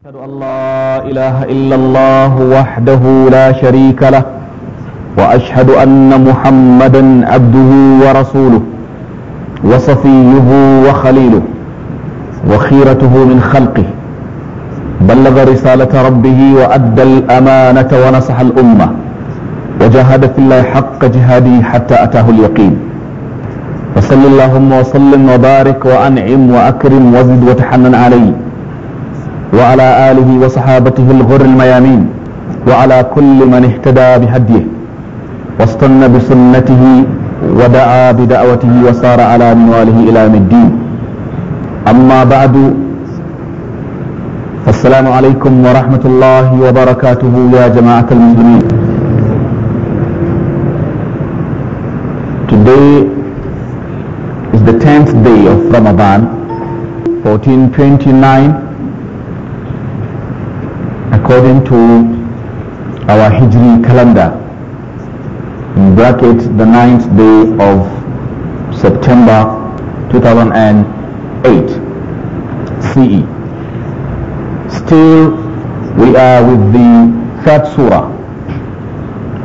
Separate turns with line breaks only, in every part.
أشهد أن لا إله إلا الله وحده لا شريك له وأشهد أن محمدا عبده ورسوله وصفيه وخليله وخيرته من خلقه بلغ رسالة ربه وأدى الأمانة ونصح الأمة وجاهد في الله حق جهاده حتى أتاه اليقين فصل اللهم وسلم وبارك وأنعم وأكرم وزد وتحنن عليه وعلى آله وصحابته الغر الميامين وعلى كل من اهتدى بهديه واستنى بسنته ودعا بدعوته وصار على منواله إلى يوم الدين أما بعد فالسلام عليكم ورحمة الله وبركاته يا جماعة المسلمين Today is the 10th day of Ramadan 1429 according to our Hijri calendar, in bracket the ninth day of September 2008 CE. Still, we are with the third surah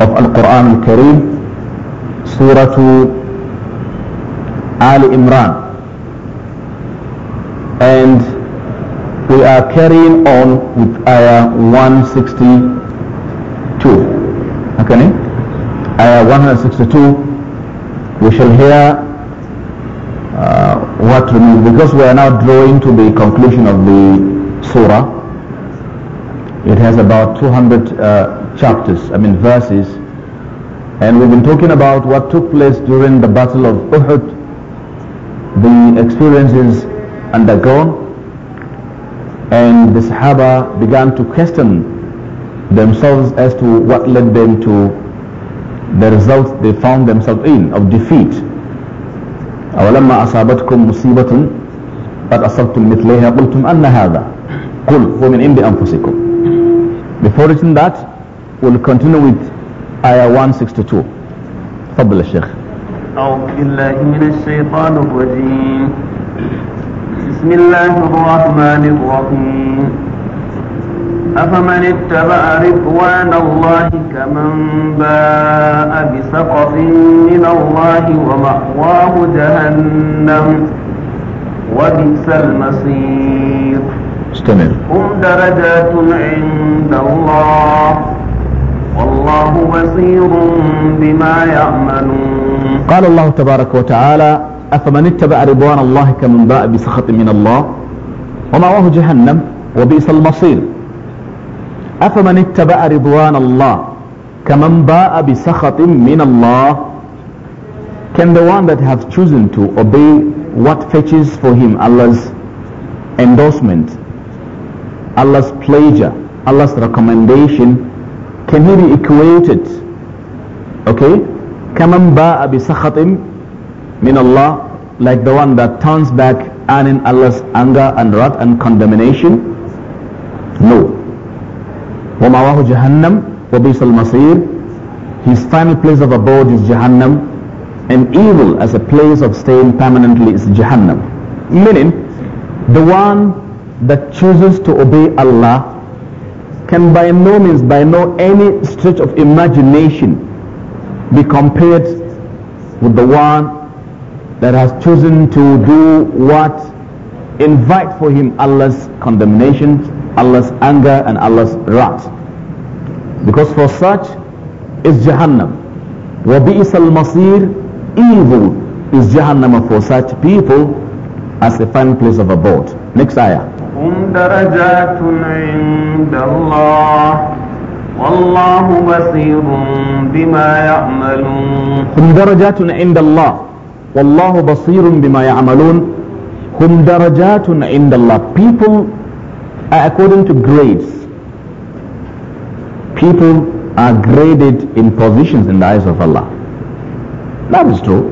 of Al-Quran al-Kareem, Surah Al Imran. And we are carrying on with ayah 162 okay ayah 162 we shall hear uh, what remains because we are now drawing to the conclusion of the surah it has about 200 uh, chapters i mean verses and we've been talking about what took place during the battle of uhud the experiences undergone and the Sahaba began to question themselves as to what led them to the results they found themselves in of defeat. أولما أصابتكم مصيبة قد أصبتم مثليها قلتم أن هذا قل هو من عند أنفسكم Before reaching that, we'll continue with ayah 162. تفضل الشيخ.
أعوذ بالله من الشيطان الرجيم بسم الله الرحمن الرحيم أفمن اتبع رضوان الله كمن باء بسقف من الله ومأواه جهنم وبئس المصير هم درجات عند الله والله بصير بما
يعملون قال الله تبارك وتعالى أفمن اتبع رضوان الله كمن باء بسخط من الله ومأواه جهنم وبئس المصير أفمن اتبع رضوان الله كمن باء بسخط من الله can the one that have chosen to obey what fetches for him Allah's endorsement Allah's pleasure Allah's recommendation can he be equated okay كمن باء بسخط min Allah like the one that turns back in Allah's anger and wrath and condemnation? No. وَمَوَاهُ جَهَنَّمْ وَبِيسَ masir. His final place of abode is Jahannam and evil as a place of staying permanently is Jahannam. Meaning, the one that chooses to obey Allah can by no means, by no any stretch of imagination be compared with the one that has chosen to do what invite for him Allah's condemnation, Allah's anger and Allah's wrath. Because for such is Jahannam. وَبِئِسَ الْمَصِيرِ Evil is Jahannam for such people as a fine place of abode. Next ayah.
هم درجات عند الله والله بصير بما يعملون
هم درجات عند الله Wallahu basirun bima ya'malun hum darajatun indallah. People are according to grades. People are graded in positions in the eyes of Allah. That is true.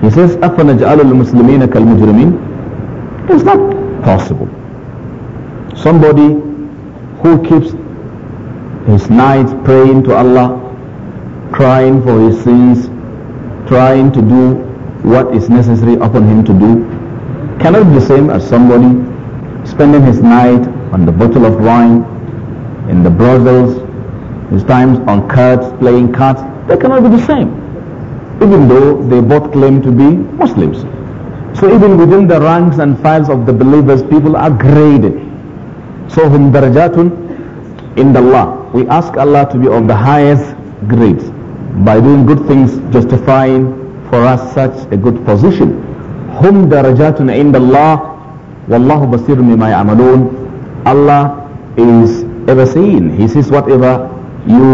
He says, أَفَنَجْعَلُ الْمُسْلِمِينَ كَالْمُجْرِمِينَ It's not possible. Somebody who keeps his nights praying to Allah, crying for his sins, trying to do what is necessary upon him to do cannot be the same as somebody spending his night on the bottle of wine, in the brothels, his times on cards, playing cards. They cannot be the same, even though they both claim to be Muslims. So even within the ranks and files of the believers, people are graded. So hum darajatun in the law. We ask Allah to be of the highest grades by doing good things, justifying for us such a good position هم درجات عند الله والله بصير بما يعملون Allah is ever seen. he sees whatever you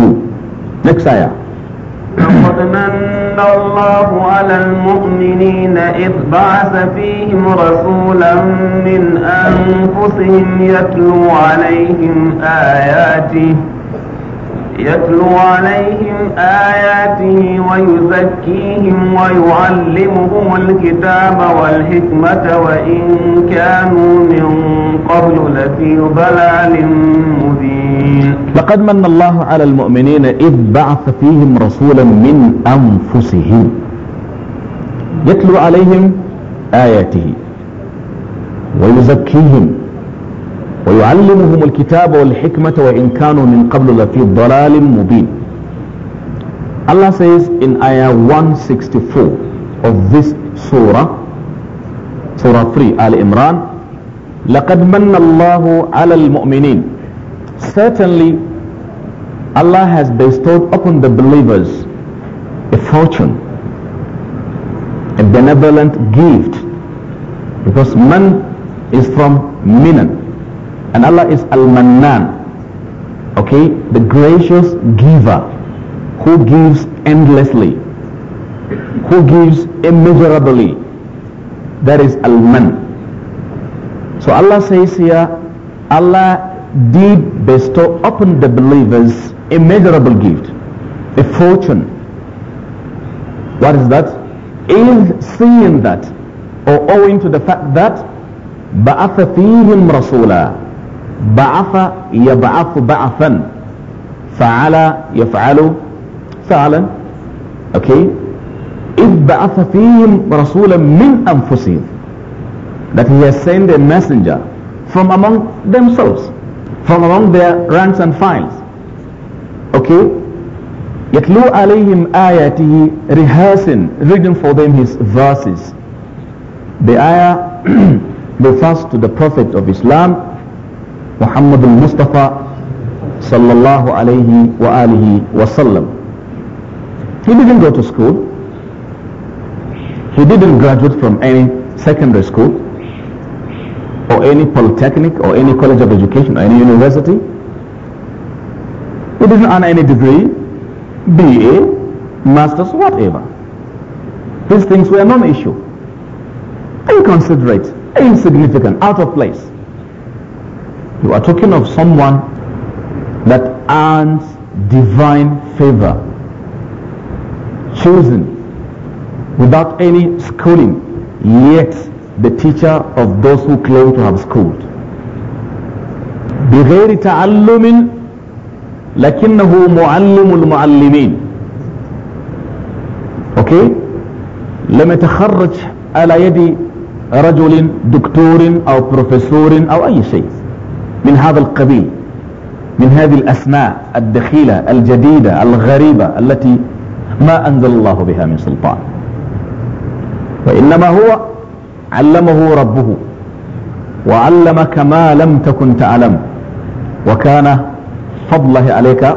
do next ayah لقد
من الله على المؤمنين إذ بعث فيهم رسولا من أنفسهم يتلو عليهم آياته يتلو عليهم آياته ويزكيهم ويعلمهم الكتاب والحكمة وإن كانوا من قبل لفي
ضلال مبين لقد من الله على المؤمنين إذ بعث فيهم رسولا من أنفسهم يتلو عليهم آياته ويزكيهم ويعلمهم الكتاب والحكمة وإن كانوا من قبل لفي ضلال مبين Allah says in ayah 164 of this surah surah 3 Al Imran لقد من الله على المؤمنين certainly Allah has bestowed upon the believers a fortune a benevolent gift because man is from minan And Allah is Al-Mannan, okay, the gracious giver who gives endlessly, who gives immeasurably. That is Al-Mann. So Allah says here, Allah did bestow upon the believers a measurable gift, a fortune. What is that? Is seeing that or owing to the fact that بَعَثَ فِيهِمْ رَسُولًا بعث يبعث بعثا فعل يفعل فعلا اوكي إذ بعث فيهم رسولا من أنفسهم that he has sent a messenger from among themselves from among their ranks and files okay يتلو عليهم آياته rehearsing reading for them his verses the ayah refers to the prophet of Islam محمد المصطفى صلى الله عليه وآله وسلم. He didn't go to school. He didn't graduate from any secondary school or any polytechnic or any college of education or any university. He didn't earn any degree, BA, master's, whatever. These things were non-issue, inconsiderate, insignificant, out of place. You are talking of someone that earns divine favor, chosen without any schooling, yet the teacher of those who claim to have schooled. بغير تعلم لكنه معلم المعلمين. Okay? لم يتخرج على يد رجل دكتور أو بروفيسور أو أي شيء. من هذا القبيل من هذه الأسماء الدخيلة الجديدة الغريبة التي ما أنزل الله بها من سلطان وإنما هو علمه ربه وعلمك ما لم تكن تعلم وكان فضله عليك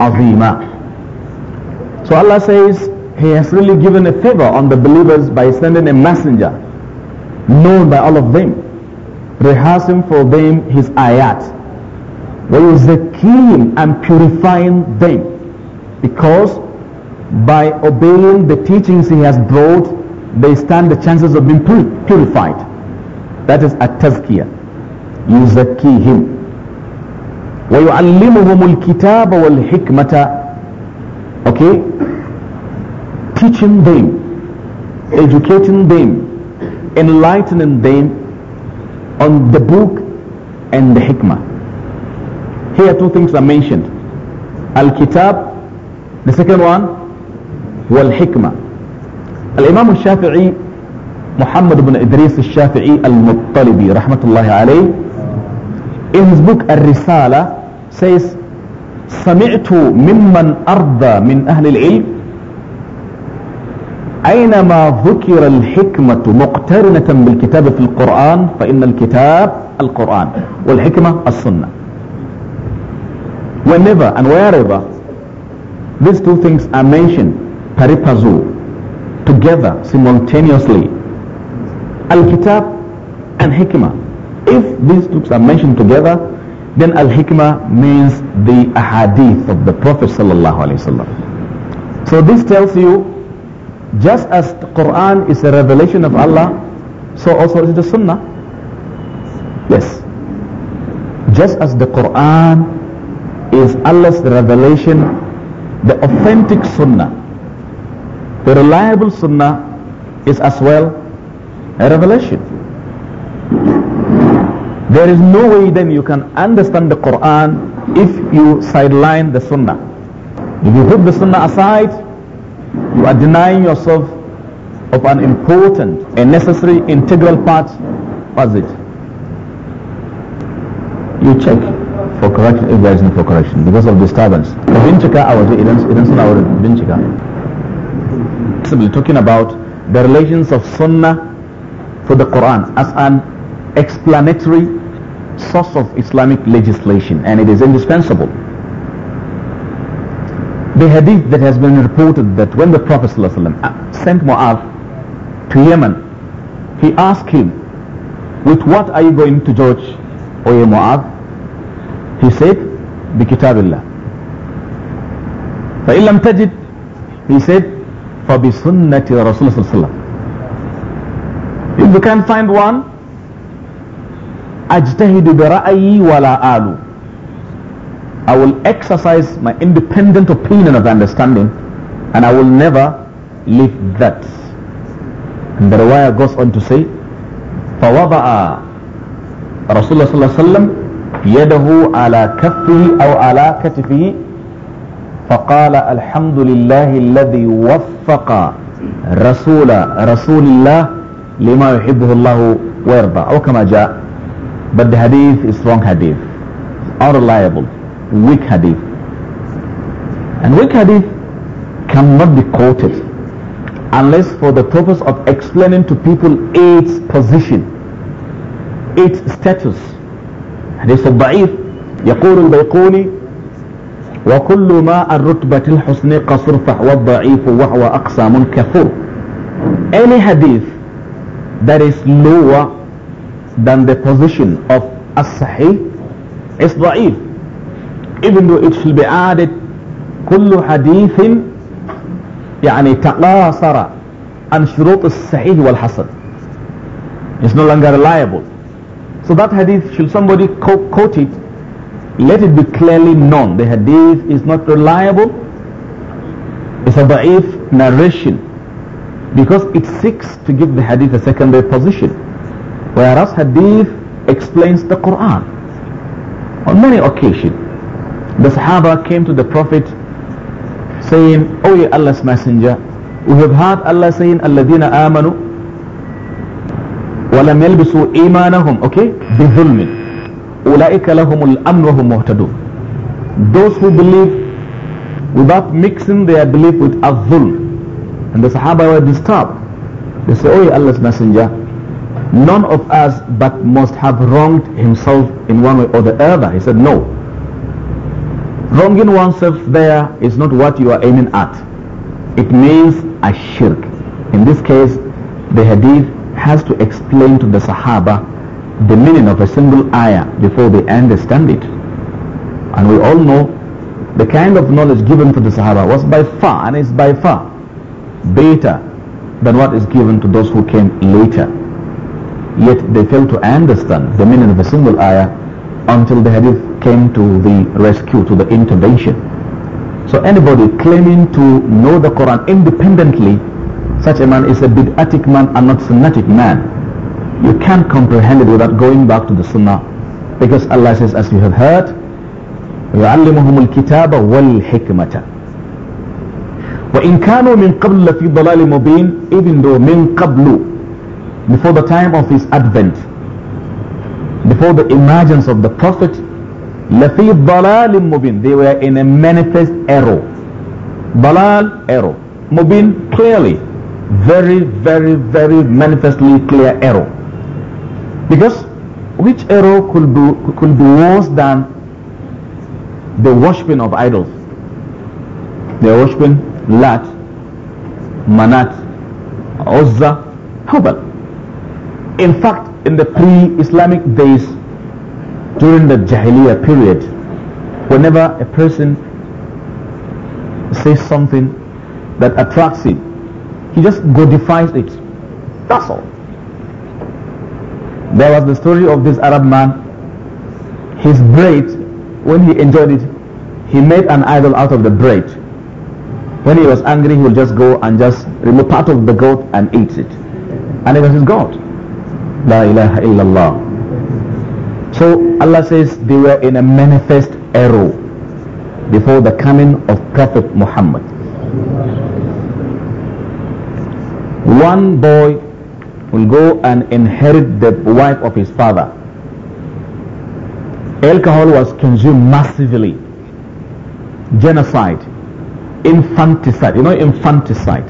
وعظيما So Allah says He has really given a favor on the believers by sending a messenger known by all of them rehearsing for them his ayat. وَيُزَكِّيهِمْ and purifying them because by obeying the teachings he has brought they stand the chances of being purified. That is at tazkiyah. يُزَكِّيهِمْ وَيُعَلِّمُهُمُ الْكِتَابَ وَالْحِكْمَةَ Okay? Teaching them, educating them, enlightening them on the book and the hikmah. Here two things are mentioned. Al-Kitab, the second one, wal-hikmah. Al-Imam al-Shafi'i, Muhammad ibn Idris al-Shafi'i al-Muttalibi, rahmatullahi alayhi, in his book Al-Risala, says, سمعت ممن أرضى من أهل العلم أينما ذكر الحكمة مقترنة بالكتاب في القرآن فإن الكتاب القرآن والحكمة السنة whenever and wherever these two things are mentioned paripazu together simultaneously al-kitab and hikmah if these two are mentioned together then al-hikmah means the ahadith of the prophet sallallahu alaihi wasallam so this tells you Just as the Quran is a revelation of Allah, so also is the Sunnah. Yes. Just as the Quran is Allah's revelation, the authentic Sunnah, the reliable Sunnah is as well a revelation. There is no way then you can understand the Quran if you sideline the Sunnah. If you put the Sunnah aside, you are denying yourself of an important and necessary integral part was it you check for correction if there is no for correction because of disturbance bincika a waje idan not suna wurin simply talking about the relations of sunnah for the quran as an explanatory source of islamic legislation and it is indispensable the hadith that has been reported that when the Prophet ﷺ uh, sent Mu'adh to Yemen, he asked him, with what are you going to judge, O ye Mu'adh? He said, بِكِتَابِ اللَّهِ فَإِن لَمْ تَجِدْ He said, فَبِسُنَّةِ رَسُولِ صلى الله عليه If you can't find one, أَجْتَهِدُ بِرَأَيِّي وَلَا alu. I will exercise my independent opinion of understanding and I will never leave that. And the riwayah goes on to say, فَوَضَعَ رسول الله صلى الله عليه وسلم يده على كفه أو على كتفه فقال الحمد لله الذي وفق رسول رسول الله لما يحبه الله ويرضى أو كما جاء but the hadith is wrong hadith unreliable weak hadith. And weak hadith cannot be quoted unless for the purpose of explaining to people its position, its status. حديث الضعيف يقول البيقوني وكل ما الرتبة الحسن قصرفح والضعيف وهو أقصى من كفور any hadith that is lower than the position of as-sahih is ضعيف even though it should be added كل حديث يعني تقاصر عن شروط الصحيح والحسن it's no longer reliable so that hadith should somebody quote it let it be clearly known the hadith is not reliable it's a da'if narration because it seeks to give the hadith a secondary position whereas hadith explains the Quran on many occasions the Sahaba came to the Prophet saying, O ye Allah's Messenger, we have heard Allah saying, Alladina amanu ولم يلبسوا إيمانهم okay بظلم أولئك لهم الأمن وهم muhtadu. those who believe without mixing their belief with Azul, and the Sahaba were disturbed they say ye Allah's messenger none of us but must have wronged himself in one way or the other he said no Wronging oneself there is not what you are aiming at. It means a shirk. In this case, the hadith has to explain to the Sahaba the meaning of a single ayah before they understand it. And we all know the kind of knowledge given to the Sahaba was by far and is by far better than what is given to those who came later. Yet they failed to understand the meaning of a single ayah until the hadith came to the rescue, to the intervention. So anybody claiming to know the Quran independently, such a man is a bid'atic man and not sunnatic man. You can't comprehend it without going back to the sunnah. Because Allah says, as you have heard, وَيُعَلِّمُهُمُ الْكِتَابَ وَالْحِكْمَةَ وَإِنْ كَانُوا مِنْ قَبْلُ لَفِي ضَلَالٍ مُبِينٍ Even though مِنْ قَبْلُ Before the time of his advent, before the emergence of the Prophet, لفي ضلال مبين they were in a manifest error ضلال error مبين clearly very very very manifestly clear error because which error could be could be worse than the worshiping of idols The worshiping Lat Manat Uzza Hubal in fact in the pre-Islamic days during the Jahiliyyah period, whenever a person says something that attracts him, he just godifies it. That's all. There was the story of this Arab man. His bread, when he enjoyed it, he made an idol out of the bread. When he was angry, he would just go and just remove part of the goat and eat it. And it was his God. La ilaha illallah. So Allah says they were in a manifest error before the coming of Prophet Muhammad. One boy will go and inherit the wife of his father. Alcohol was consumed massively. Genocide. Infanticide. You know infanticide?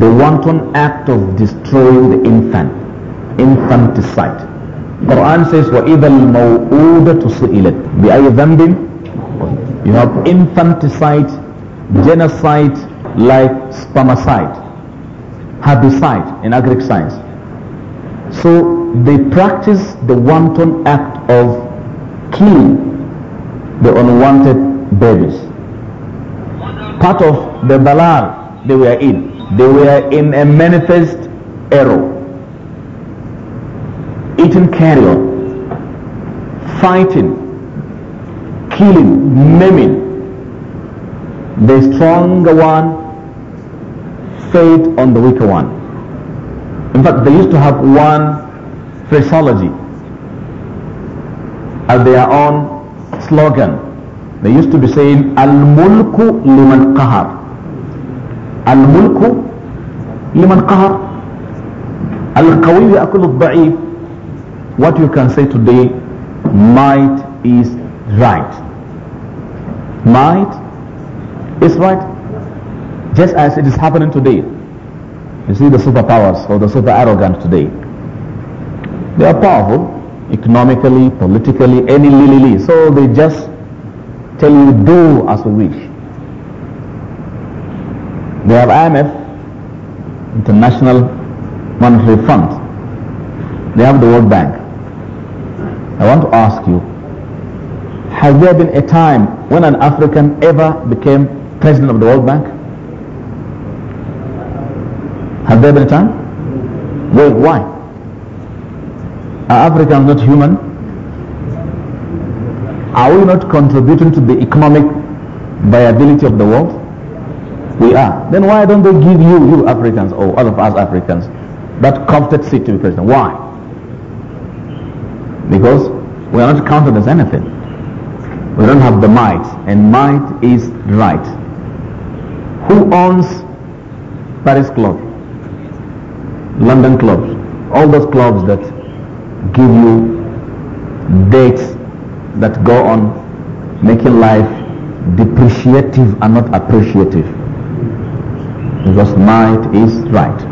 The wanton act of destroying the infant. Infanticide. Quran says, وَإِذَا الْمَوْءُودَةُ سُئِلَتْ بِأَيْ ذَنْبٍ You have infanticide, genocide, like spermicide, herbicide in agric science. So they practice the wanton act of killing the unwanted babies. Part of the balal they were in, they were in a manifest error eating carrion, fighting, killing, maiming. The stronger one fed on the weaker one. In fact, they used to have one phraseology as their own slogan. They used to be saying, Al-Mulku liman qahar. Al-Mulku liman qahar. Al-Qawi ya'kul al-Da'if what you can say today, might is right. Might is right. Just as it is happening today. You see the superpowers or the super arrogant today. They are powerful economically, politically, any lily li. So they just tell you do as we wish. They have IMF, International Monetary Fund. They have the World Bank. I want to ask you, has there been a time when an African ever became president of the World Bank? Has there been a time? Well, why? Are Africans not human? Are we not contributing to the economic viability of the world? We are. Then why don't they give you, you Africans, or all of us Africans, that coveted seat to be president? Why? because we are not counted as anything. We don't have the might, and might is right. Who owns Paris club, London clubs, all those clubs that give you dates that go on making life depreciative and not appreciative because might is right.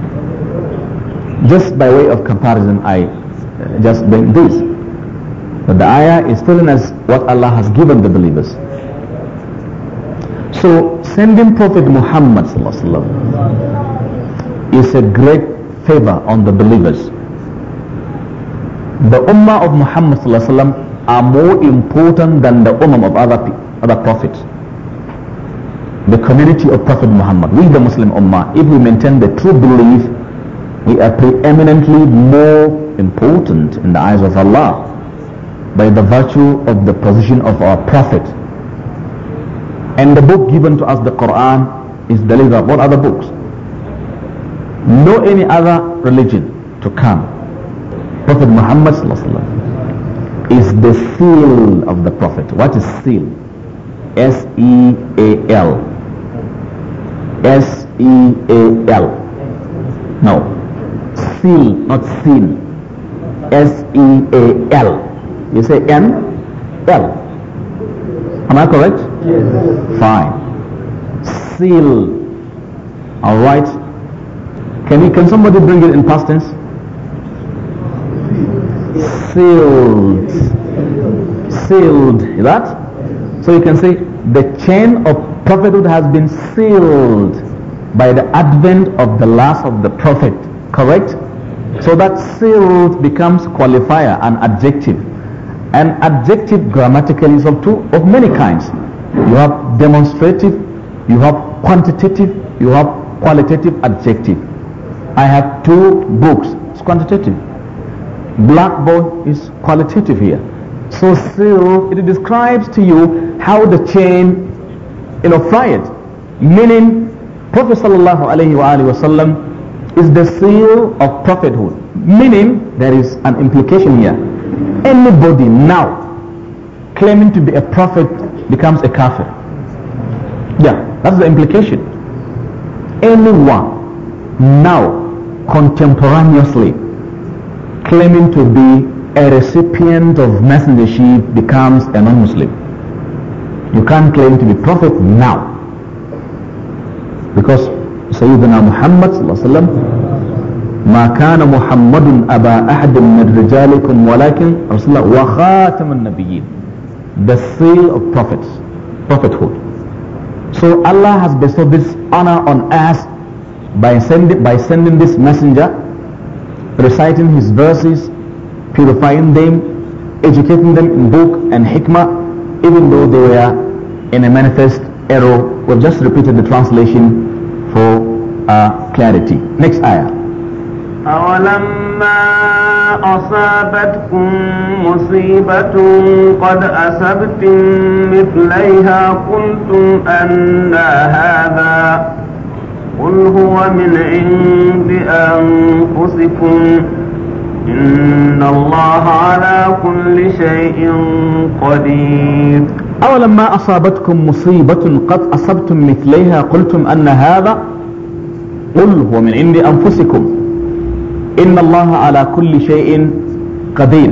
Just by way of comparison, I uh, just bring this. But the ayah is telling us what Allah has given the believers. So sending Prophet Muhammad is a great favor on the believers. The Ummah of Muhammad are more important than the Ummah of other, other prophets. The community of Prophet Muhammad, we the Muslim Ummah, if we maintain the true belief, we are preeminently more important in the eyes of Allah by the virtue of the position of our Prophet. And the book given to us, the Quran, is the leader of all other books. No any other religion to come. Prophet Muhammad is the seal of the Prophet. What is seal? S-E-A-L. S-E-A-L. No. Seal, not seal. S-E-A-L. You say M, L. Am I correct? Yes. Fine. Seal. All right. Can you, can somebody bring it in past tense? Sealed. Sealed. Is that? So you can say the chain of prophethood has been sealed by the advent of the last of the prophet. Correct? So that sealed becomes qualifier, an adjective. and adjective is of two of many kinds. You have demonstrative, you have quantitative, you have qualitative adjective. I have two books. It's quantitative. Blackboard is qualitative here. So still, it describes to you how the chain, you know, fired. Meaning, Prophet sallallahu alaihi wasallam is the seal of prophethood. Meaning, there is an implication here Anybody now claiming to be a prophet becomes a kafir. Yeah, that's the implication. Anyone now contemporaneously claiming to be a recipient of messengership becomes a non-Muslim. You can't claim to be prophet now. Because Sayyidina Muhammad ما كان محمد أبا أحد من رجالكم ولكن رسول الله وخاتم النبيين the seal of prophets prophethood so Allah has bestowed this honor on us by sending by sending this messenger reciting his verses purifying them educating them in book and hikmah even though they were in a manifest error we've just repeated the translation for uh, clarity next ayah
أولما أصابتكم مصيبة قد أصبتم مثليها قلتم أن هذا قل هو من عند أنفسكم إن الله على كل شيء
قدير أولما أصابتكم مصيبة قد أصبتم مثليها قلتم أن هذا قل هو من عند أنفسكم إن الله على كل شيء قدير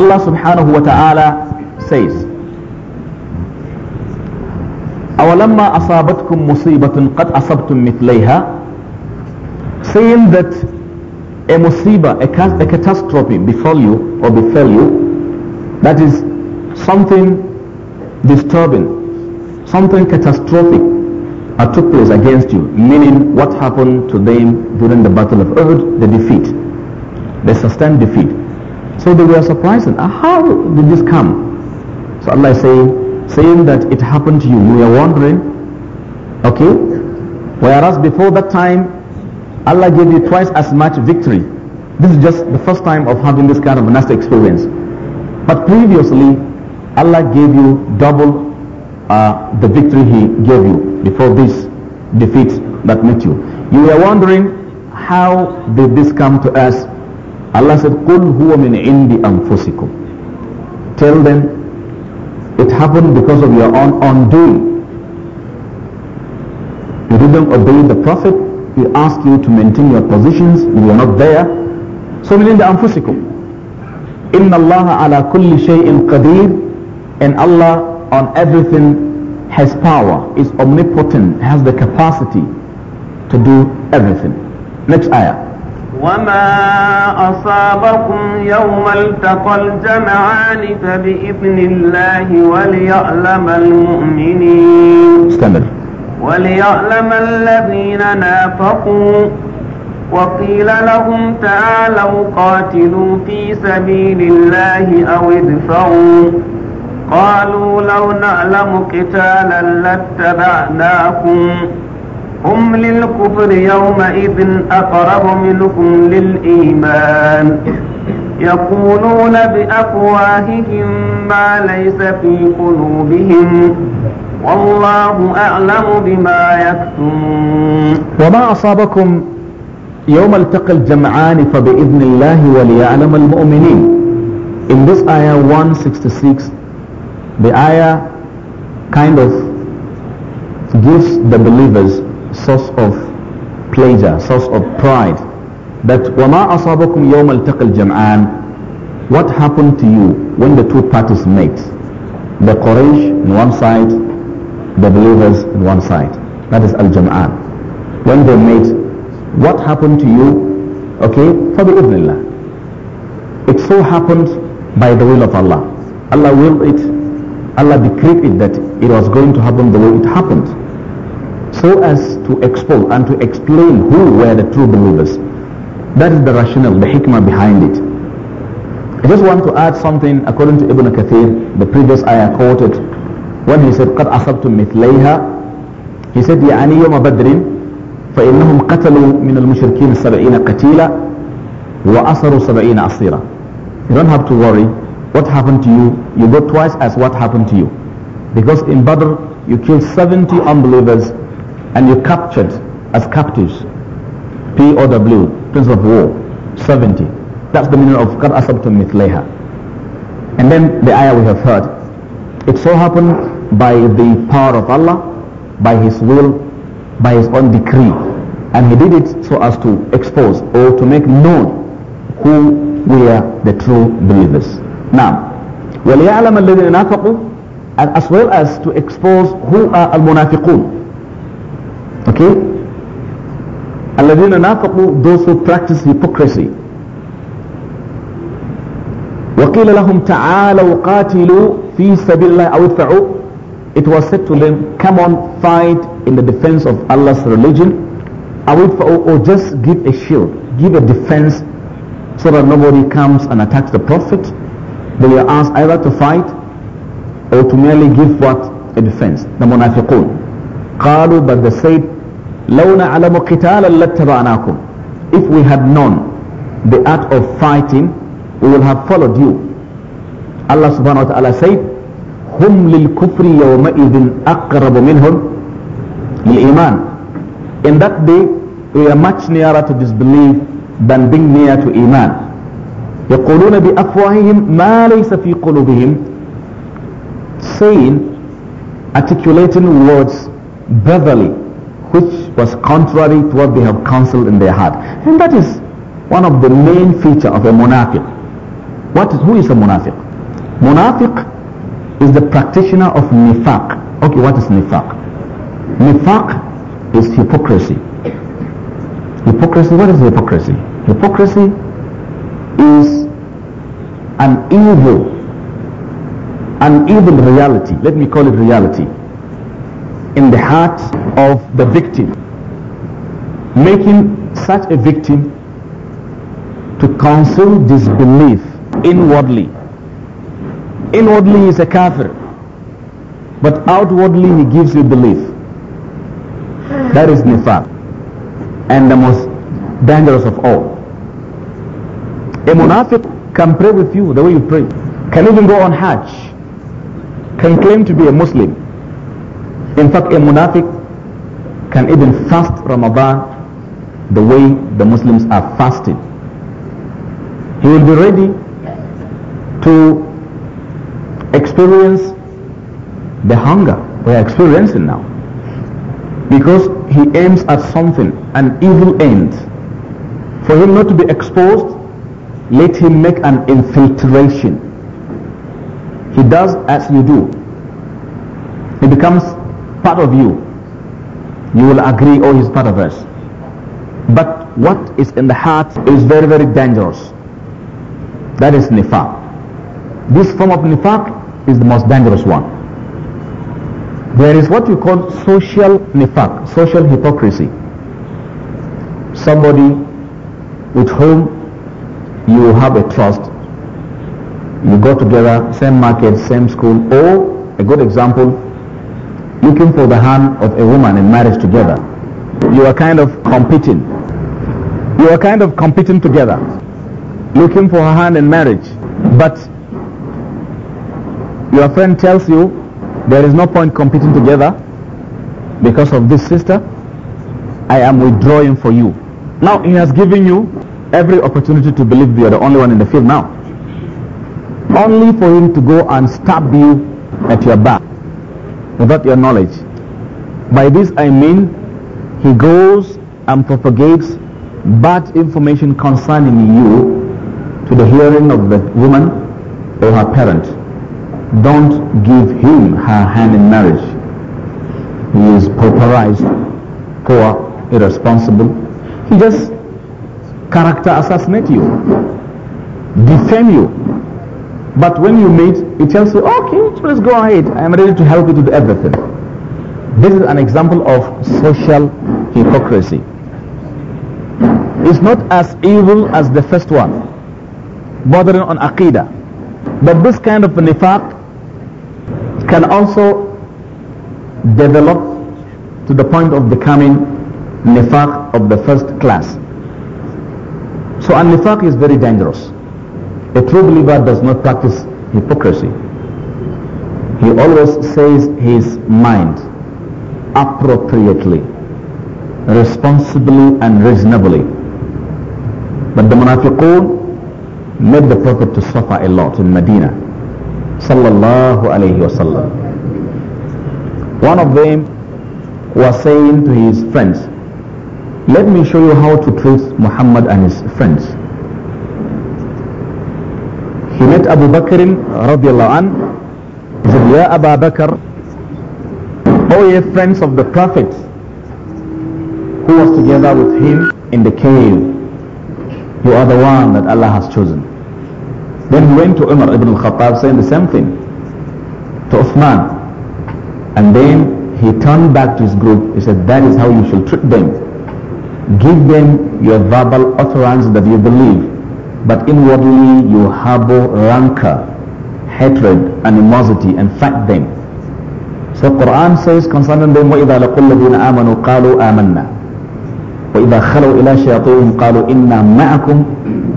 الله سبحانه وتعالى says أولما أصابتكم مصيبة قد أصبتم مثليها saying that a musiba, a, a catastrophe befall you or befell you, that is something disturbing, something catastrophic took place against you, meaning what happened to them during the Battle of Uhud, the defeat. They sustained defeat. So they were surprised. Ah, how did this come? So Allah is saying, saying that it happened to you. You were wondering. Okay? Whereas before that time, Allah gave you twice as much victory. This is just the first time of having this kind of nasty experience. But previously, Allah gave you double uh, the victory he gave you before this defeat that met you. You were wondering how did this come to us? Allah said, قُلْ huwa min indi أَنفُسِكُمْ Tell them it happened because of your own undoing. You didn't obey the Prophet. He asked you to maintain your positions. You were not there. So min عند أنفسكم. Inna Allah ala kulli shay'in qadir. And Allah on everything has power, is omnipotent, has the capacity to do everything. Next ayah.
وما أصابكم يوم التقى الجمعان فبإذن الله وليعلم المؤمنين استمر وليعلم الذين نافقوا وقيل لهم تعالوا قاتلوا في سبيل الله أو ادفعوا قالوا لو نعلم قتالا لاتبعناكم هم للكفر يومئذ أقرب منكم للإيمان يقولون بأفواههم ما ليس في قلوبهم والله أعلم
بما يكتمون وما أصابكم يوم التقى الجمعان فبإذن الله وليعلم المؤمنين In this ayah 166 the ayah kind of gives the believers source of pleasure, source of pride. That وَمَا أَصَابَكُمْ يَوْمَ الْتَقَى الْجَمْعَانِ What happened to you when the two parties met? The Quraysh on one side, the believers on one side. That is Al-Jam'an. When they met, what happened to you? Okay, the اللَّهِ It so happened by the will of Allah. Allah willed it Allah decreed it that it was going to happen the way it happened so as to expose and to explain who were the true believers that is the rationale the hikmah behind it I just want to add something according to Ibn Kathir the previous ayah quoted when he said قَدْ أَصَبْتُمْ مِثْلَيْهَا he said يعني يوم بدر فإنهم قتلوا من المشركين سبعين قتيلا وأسروا سبعين أسيرا you don't have to worry what happened to you, you go twice as what happened to you. Because in Badr, you killed 70 unbelievers and you captured as captives. P.O.W., Prince of War, 70. That's the meaning of قَدْ أَصَبْتُمْ مِثْلَيْهَا And then the ayah we have heard. It so happened by the power of Allah, by His will, by His own decree. And He did it so as to expose or to make known who were the true believers. نعم وليعلم الذين نافقوا and as well as to expose who are المنافقون okay الذين نافقوا those who practice hypocrisy وقيل لهم تعالوا قاتلوا في سبيل الله أو ادفعوا it was said to them come on fight in the defense of Allah's religion أو ادفعوا or just give a shield give a defense so that nobody comes and attacks the prophet they were asked either to fight or to merely give what? A defense. The munafiqun. قالوا but they said لو نعلم قتالا لاتبعناكم if we had known the art of fighting we would have followed you Allah subhanahu wa ta'ala said هم للكفر يومئذ أقرب منهم للإيمان in that day we are much nearer to disbelief than being near to iman يقولون بأفواههم ما ليس في قلوبهم saying articulating words brotherly which was contrary to what they have counseled in their heart and that is one of the main feature of a munafiq what is, who is a munafiq munafiq is the practitioner of nifaq okay what is nifaq nifaq is hypocrisy hypocrisy what is hypocrisy hypocrisy is an evil, an evil reality, let me call it reality, in the heart of the victim, making such a victim to counsel disbelief inwardly. Inwardly is a kafir, but outwardly he gives you belief. That is nifaq, and the most dangerous of all. A munafiq can pray with you the way you pray, can even go on Hajj, can claim to be a Muslim. In fact, a munafiq can even fast Ramadan the way the Muslims are fasting. He will be ready to experience the hunger we are experiencing now because he aims at something, an evil end. For him not to be exposed let him make an infiltration. He does as you do. He becomes part of you. You will agree, oh, he's part of us. But what is in the heart is very, very dangerous. That is nifaq. This form of nifaq is the most dangerous one. There is what we call social nifaq, social hypocrisy. Somebody with whom you have a trust. You go together, same market, same school, or a good example, looking for the hand of a woman in marriage together. You are kind of competing. You are kind of competing together, looking for her hand in marriage. But your friend tells you there is no point competing together because of this sister. I am withdrawing for you. Now he has given you every opportunity to believe you are the only one in the field now. Only for him to go and stab you at your back without your knowledge. By this I mean he goes and propagates bad information concerning you to the hearing of the woman or her parent. Don't give him her hand in marriage. He is pauperized, poor, irresponsible. He just character assassinate you, defame you. But when you meet, it tells you, okay, please go ahead. I'm ready to help you with do everything. This is an example of social hypocrisy. It's not as evil as the first one, bothering on aqidah. But this kind of nifaq can also develop to the point of becoming nifaq of the first class. So al-nifaq is very dangerous. A true believer does not practice hypocrisy. He always says his mind appropriately, responsibly and reasonably. But the munafiqun made the Prophet to suffer a lot in Medina. Sallallahu alayhi wasallam. One of them was saying to his friends, let me show you how to treat Muhammad and his friends. He met Abu Bakr radiallahu an. He said, Ya Abu Bakr, O ye friends of the Prophet, who was together with him in the cave, you are the one that Allah has chosen. Then he went to Umar ibn al-Khattab saying the same thing to Uthman. And then he turned back to his group. He said, that is how you should treat them. Give them your verbal utterance that you believe, but inwardly you harbor rancor, hatred, animosity, and fight them. So Quran says concerning them, وَإِذَا لَقُوا الَّذِينَ آمَنُوا قَالُوا آمَنَّا وَإِذَا خَلَوْا إِلَى شَيَاطِينِهِمْ قَالُوا إِنَّا مَعَكُمْ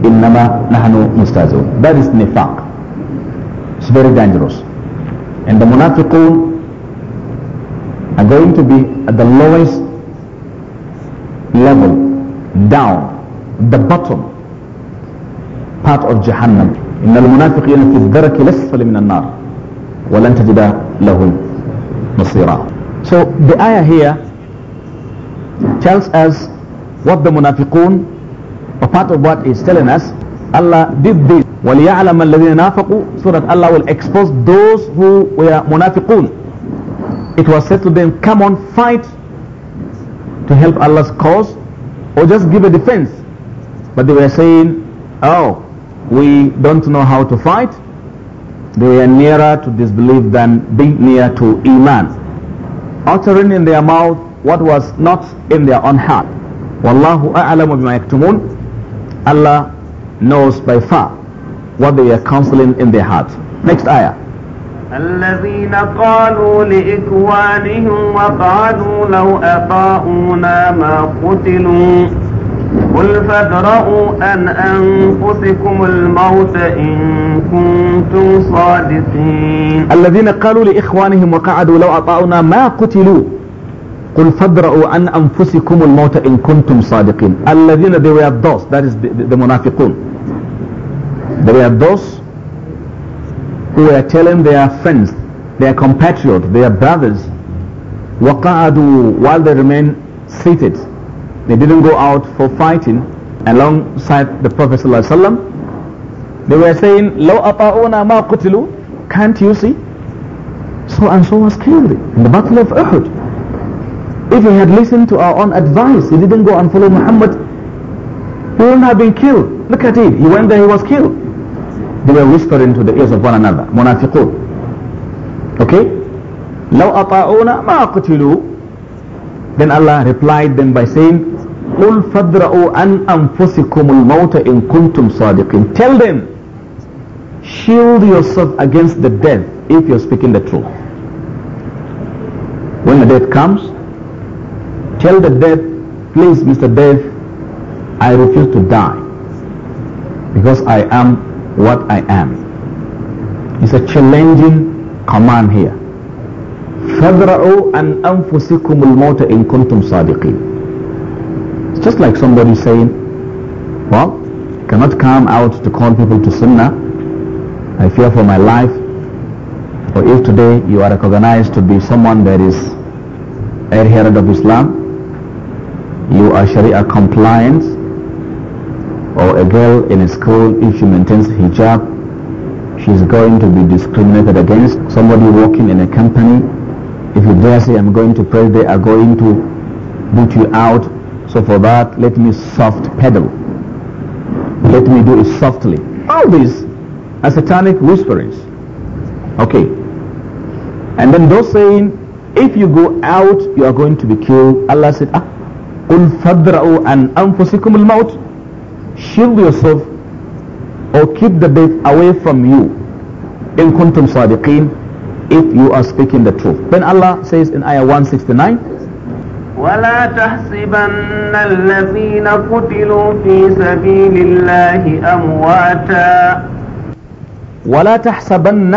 إِنَّمَا نَحْنُ مُسْتَهْزِئُونَ That is nifaq. It's very dangerous. And the munafiqun are going to be at the lowest level down the bottom part of Jahannam إن المنافقين في الدرك الأسفل من النار ولن تجد لهم مصيرا So the ayah here tells us what the munafiqun a part of what is telling us Allah did this وليعلم الذين نافقوا so that Allah will expose those who were munafiqun it was said to them come on fight to help Allah's cause or just give a defense. But they were saying, oh, we don't know how to fight. They were nearer to disbelief than being near to Iman. Uttering in their mouth what was not in their own heart. Wallahu a'lamu bima yaktumun. Allah knows by far what they are counseling in their heart. Next ayah.
الذين قالوا لإخوانهم وقعدوا لو أطاعونا ما قتلوا قل فادرؤوا أن أنفسكم الموت إن كنتم صادقين
الذين قالوا لإخوانهم وقعدوا لو أطاعونا ما قتلوا قل فادرؤوا عن أنفسكم الموت إن كنتم صادقين الذين they were those that is the, the, the منافقون they were those who were telling their friends, their compatriots, their brothers, وَقَعَدُوا while they remained seated. They didn't go out for fighting alongside the Prophet ﷺ. They were saying, "Lo اطعون ma مَا قُتِلُوا Can't you see? So and so was killed in the battle of Uhud. If he had listened to our own advice, he didn't go and follow Muhammad, he wouldn't have been killed. Look at it. He went there, he was killed they were whispering to the ears of one another munafiqun okay لو أطاعونا ما قتلوا then Allah replied them by saying قل فادرؤوا عن أنفسكم الموت إن كنتم صادقين tell them shield yourself against the death if you're speaking the truth when the death comes tell the death please Mr. Death I refuse to die because I am what I am. It's a challenging command here. فَذْرَعُوا أَنْ أَنفُسِكُمُ الْمَوْتَ إِن كُنْتُمْ صَادِقِينَ It's just like somebody saying, well, cannot come out to call people to sunnah. I fear for my life. Or if today you are recognized to be someone that is adherent of Islam, you are Sharia compliant, or a girl in a school, if she maintains hijab, she's going to be discriminated against. Somebody working in a company, if you dare say, I'm going to pray, they are going to boot you out. So for that, let me soft pedal. Let me do it softly. All these are satanic whisperings. Okay. And then those saying, if you go out, you are going to be killed. Allah said, ah, قُلْ فَادْرَعُوا عَنْ أَنفُسِكُمُ الْمَوْتِ shield yourself or keep the bait away from you in kuntum sadiqeen if you are speaking the truth then Allah says in ayah 169
ولا تحسبن الذين قتلوا في سبيل
الله أمواتا ولا تحسبن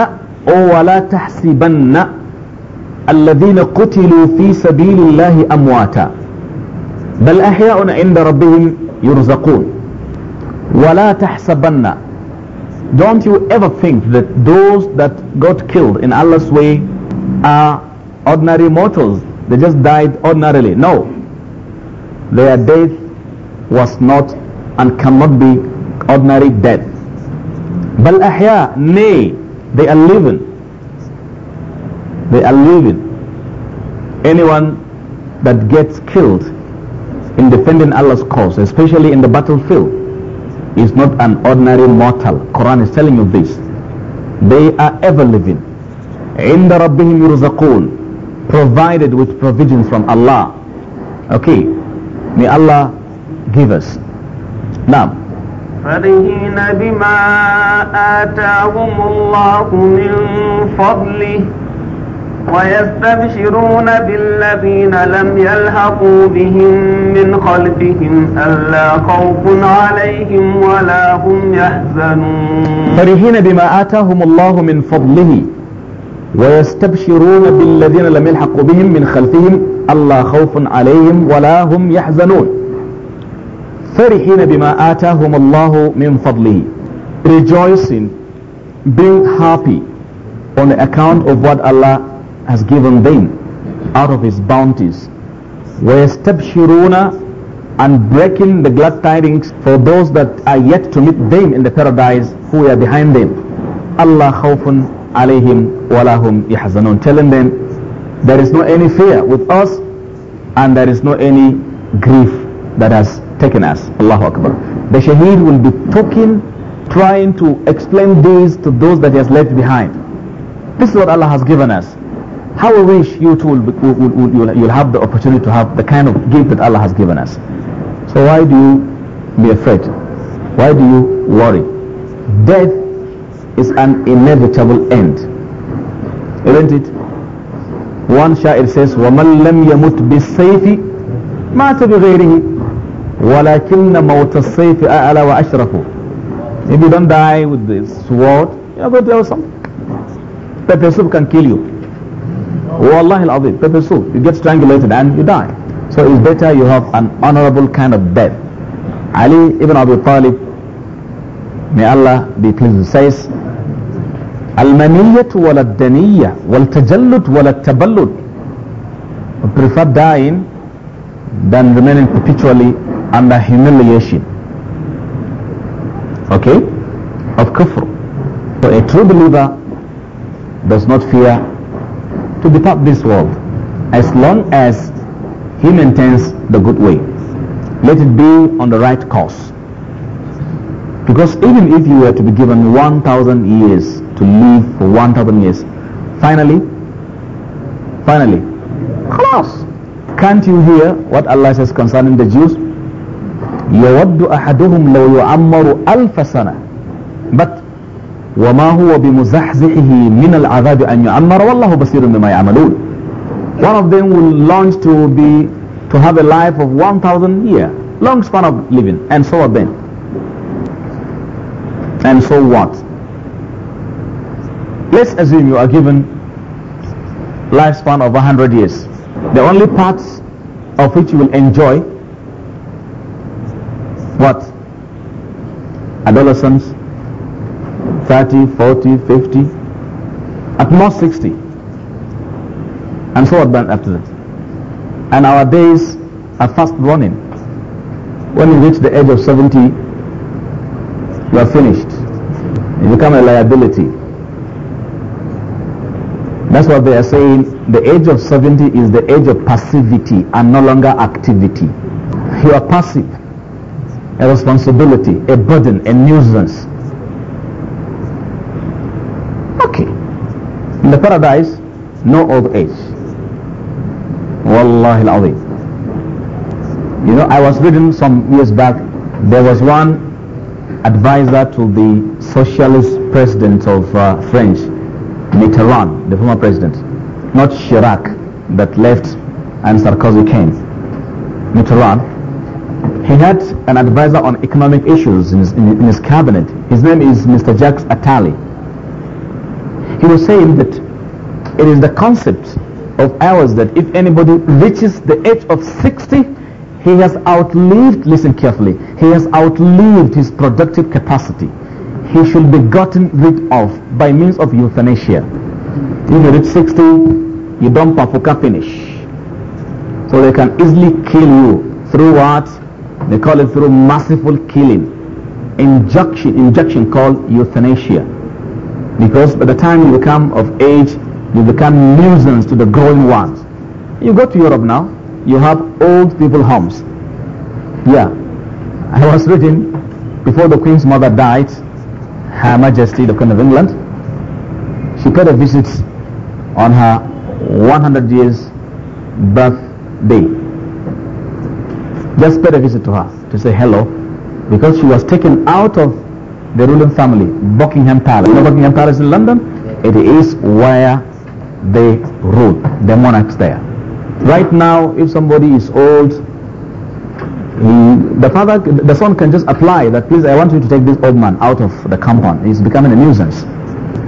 أو ولا تحسبن الذين قتلوا في سبيل الله أمواتا بل أحياء عند ربهم يرزقون وَلَا تَحْسَبَنَّ Don't you ever think that those that got killed in Allah's way are ordinary mortals. They just died ordinarily. No. Their death was not and cannot be ordinary death. بَلْ أَحْيَا Nay, they are living. They are living. Anyone that gets killed in defending Allah's cause, especially in the battlefield, is not an ordinary mortal. Quran is telling you this. They are ever living. عند ربهم يرزقون provided with provisions from Allah. Okay. May Allah give us. Now.
بما آتاهم الله من فضله ويستبشرون بالذين لم يلحقوا بهم من خلفهم ألا خوف عليهم ولا هم يحزنون
فرحين بما آتاهم الله من فضله ويستبشرون بالذين لم يلحقوا بهم من خلفهم ألا خوف عليهم ولا هم يحزنون فرحين بما آتاهم الله من فضله rejoicing being happy on account of what Allah has given them out of his bounties. وَيَسْتَبْشِرُونَ and breaking the glad tidings for those that are yet to meet them in the paradise who are behind them. Allah khawfun alayhim walahum yahzanun. Telling them there is no any fear with us and there is no any grief that has taken us. Allahu Akbar. The shaheed will be talking, trying to explain this to those that he has left behind. This is what Allah has given us. How we wish you too will, be, will, will, will, you'll have the opportunity to have the kind of gift that Allah has given us. So why do you be afraid? Why do you worry? Death is an inevitable end. Isn't it? One shair says, وَمَنْ لَمْ يَمُتْ بِالسَّيْفِ مَاتَ بِغَيْرِهِ وَلَكِنَّ مَوْتَ السَّيْفِ أَعْلَى وَأَشْرَفُ If you don't die with the sword, you are going to have some. Pepper soup can kill you. Wallahi al-azim, pepper soup. You get strangulated and you die. So it's better you have an honorable kind of death. Ali ibn Abi Talib, may Allah be pleased, says, المنية ولا الدنية والتجلد ولا التبلد I prefer dying than remaining perpetually under humiliation okay of kufr so a true believer does not fear to depart this world as long as he maintains the good way. Let it be on the right course. Because even if you were to be given 1,000 years to live for 1,000 years, finally, finally, خلاص. Can't you hear what Allah says concerning the Jews? يود أحدهم لو يعمر ألف سنة but وما هو بمزحزحه من العذاب أن يعمر والله بصير بما يعملون one of them will launch to be to have a life of 1000 year long span of living and so on. then and so what let's assume you are given lifespan of 100 years the only parts of which you will enjoy what adolescence 30, 40, 50, at most 60. And so on after that. And our days are fast running. When you reach the age of 70, you are finished. You become a liability. That's what they are saying. The age of 70 is the age of passivity and no longer activity. You are passive, a responsibility, a burden, a nuisance. In the paradise, no old age. Wallahi al You know, I was reading some years back, there was one advisor to the socialist president of uh, French, Mitterrand, the former president, not Chirac that left and Sarkozy came. Mitterrand, he had an advisor on economic issues in his, in his cabinet. His name is Mr. Jacques Attali he was saying that it is the concept of ours that if anybody reaches the age of 60, he has outlived, listen carefully, he has outlived his productive capacity. He should be gotten rid of by means of euthanasia. If you reach 60, you don't papuka finish. So they can easily kill you through what? They call it through merciful killing. Injection, injection called euthanasia. Because by the time you become of age, you become nuisance to the growing ones. You go to Europe now, you have old people homes. Yeah. I was reading before the Queen's mother died, Her Majesty the Queen of England, she paid a visit on her 100 years birthday. Just paid a visit to her to say hello because she was taken out of the ruling family, Buckingham Palace. You know Buckingham Palace in London? It is where they rule, the monarchs there. Right now, if somebody is old, he, the father, the son can just apply that, please, I want you to take this old man out of the compound. He's becoming a nuisance.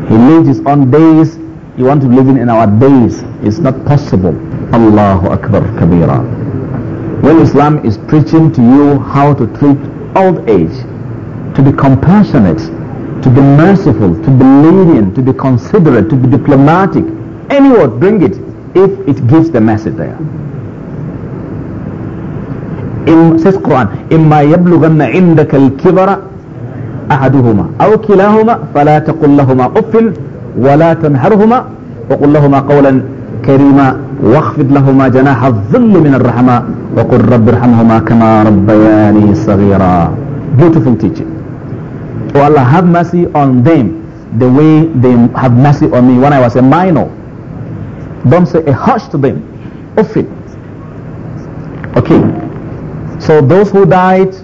He lives his own days. You want to live in, in our days. It's not possible. Allahu Akbar Kabira. When Islam is preaching to you how to treat old age, to be compassionate, to be merciful, to be lenient, to be considerate, to be diplomatic. Any word, bring it if it gives the message there. In, says Quran, إما يبلغن عندك الكبر أحدهما أو كلاهما فلا تقل لهما أف ولا تنهرهما وقل لهما قولا كريما واخفض لهما جناح الظل من الرحمة وقل رب ارحمهما كما ربياني صغيرا beautiful teaching Oh Allah, have mercy on them the way they have mercy on me when I was a minor. Don't say a hush to them. Off it. Okay. So those who died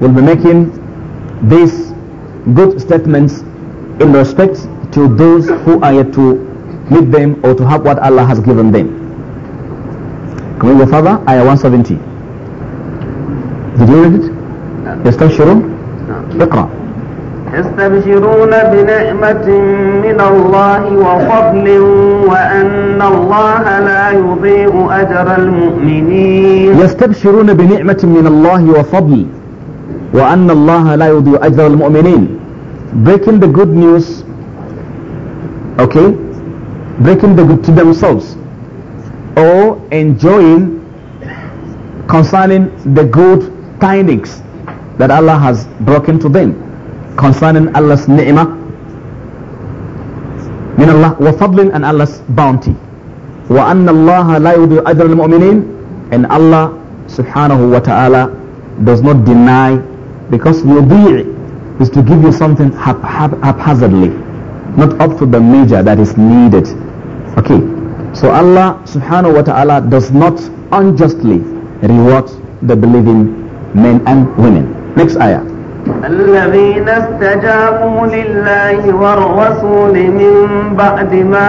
will be making these good statements in respect to those who are yet to meet them or to have what Allah has given them. Can we go further? Ayah 170. Did you read it? Yes, يستنشرون اقرأ
يستبشرون بنعمة من الله وفضل وأن الله لا يضيع أجر المؤمنين
يستبشرون بنعمة من الله وفضل وأن الله لا يضيع أجر المؤمنين breaking the good news okay breaking the good to themselves or enjoying concerning the good tidings that Allah has broken to them concerning Allah's ni'mah من Allah, وفضل and Allah's bounty وأن الله لا يضيع أجر المؤمنين and Allah subhanahu wa ta'ala does not deny because يضيع is to give you something hap, hazardly, haphazardly not up to the measure that is needed okay so Allah subhanahu wa ta'ala does not unjustly reward the believing men and women next ayah
الذين استجابوا لله والرسول من بعد ما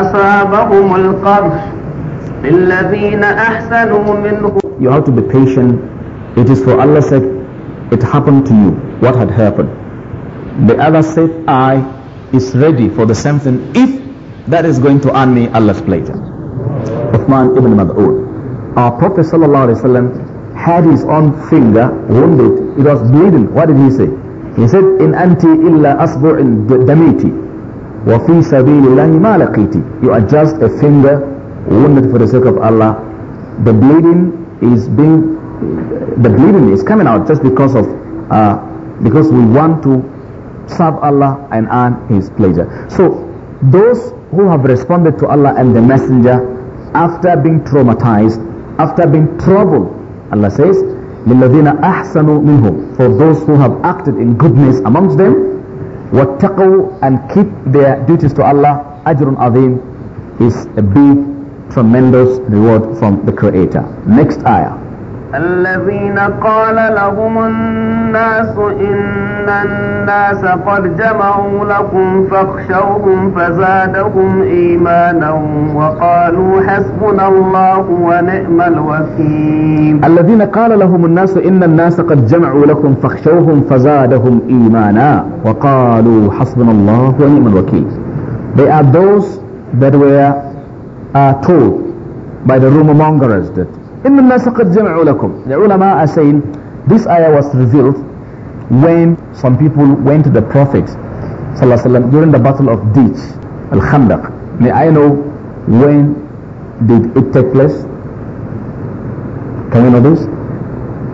أصابهم القرح للذين أحسنوا منهم
You have to be patient. It is for Allah's sake. It happened to you. What had happened? The other said, I is ready for the same thing if that is going to earn me Allah's pleasure. Uthman ibn Mad'ud. Our Prophet ﷺ had his own finger wounded it was bleeding. What did he say? He said, In anti illa asbu'in damiti. Wa fi sabilillahi ma laqiti. You are just a finger wounded for the sake of Allah. The bleeding is being, the bleeding is coming out just because of, uh, because we want to serve Allah and earn His pleasure. So those who have responded to Allah and the Messenger after being traumatized, after being troubled, Allah says, لِلَّذِينَ أَحْسَنُوا مِنْهُمْ For those who have acted in goodness amongst them, وَاتَّقَوْا and keep their duties to Allah, أَجْرٌ عَظِيم is a big, tremendous reward from the Creator. Next ayah.
الذين قال لهم الناس إن الناس قد جمعوا لكم فاخشوهم فزادهم إيمانا وقالوا حسبنا الله ونعم الوكيل
الذين قال لهم الناس إن الناس قد جمعوا لكم فاخشوهم فزادهم إيمانا وقالوا حسبنا الله ونعم الوكيل They are those that were uh, told by the rumor mongers that إن الناس قد جمعوا لكم. The ulama are saying this ayah was revealed when some people went to the Prophet صلى الله عليه وسلم, during the battle of Ditch, Al-Khandaq. May I know when did it take place? Can we know this?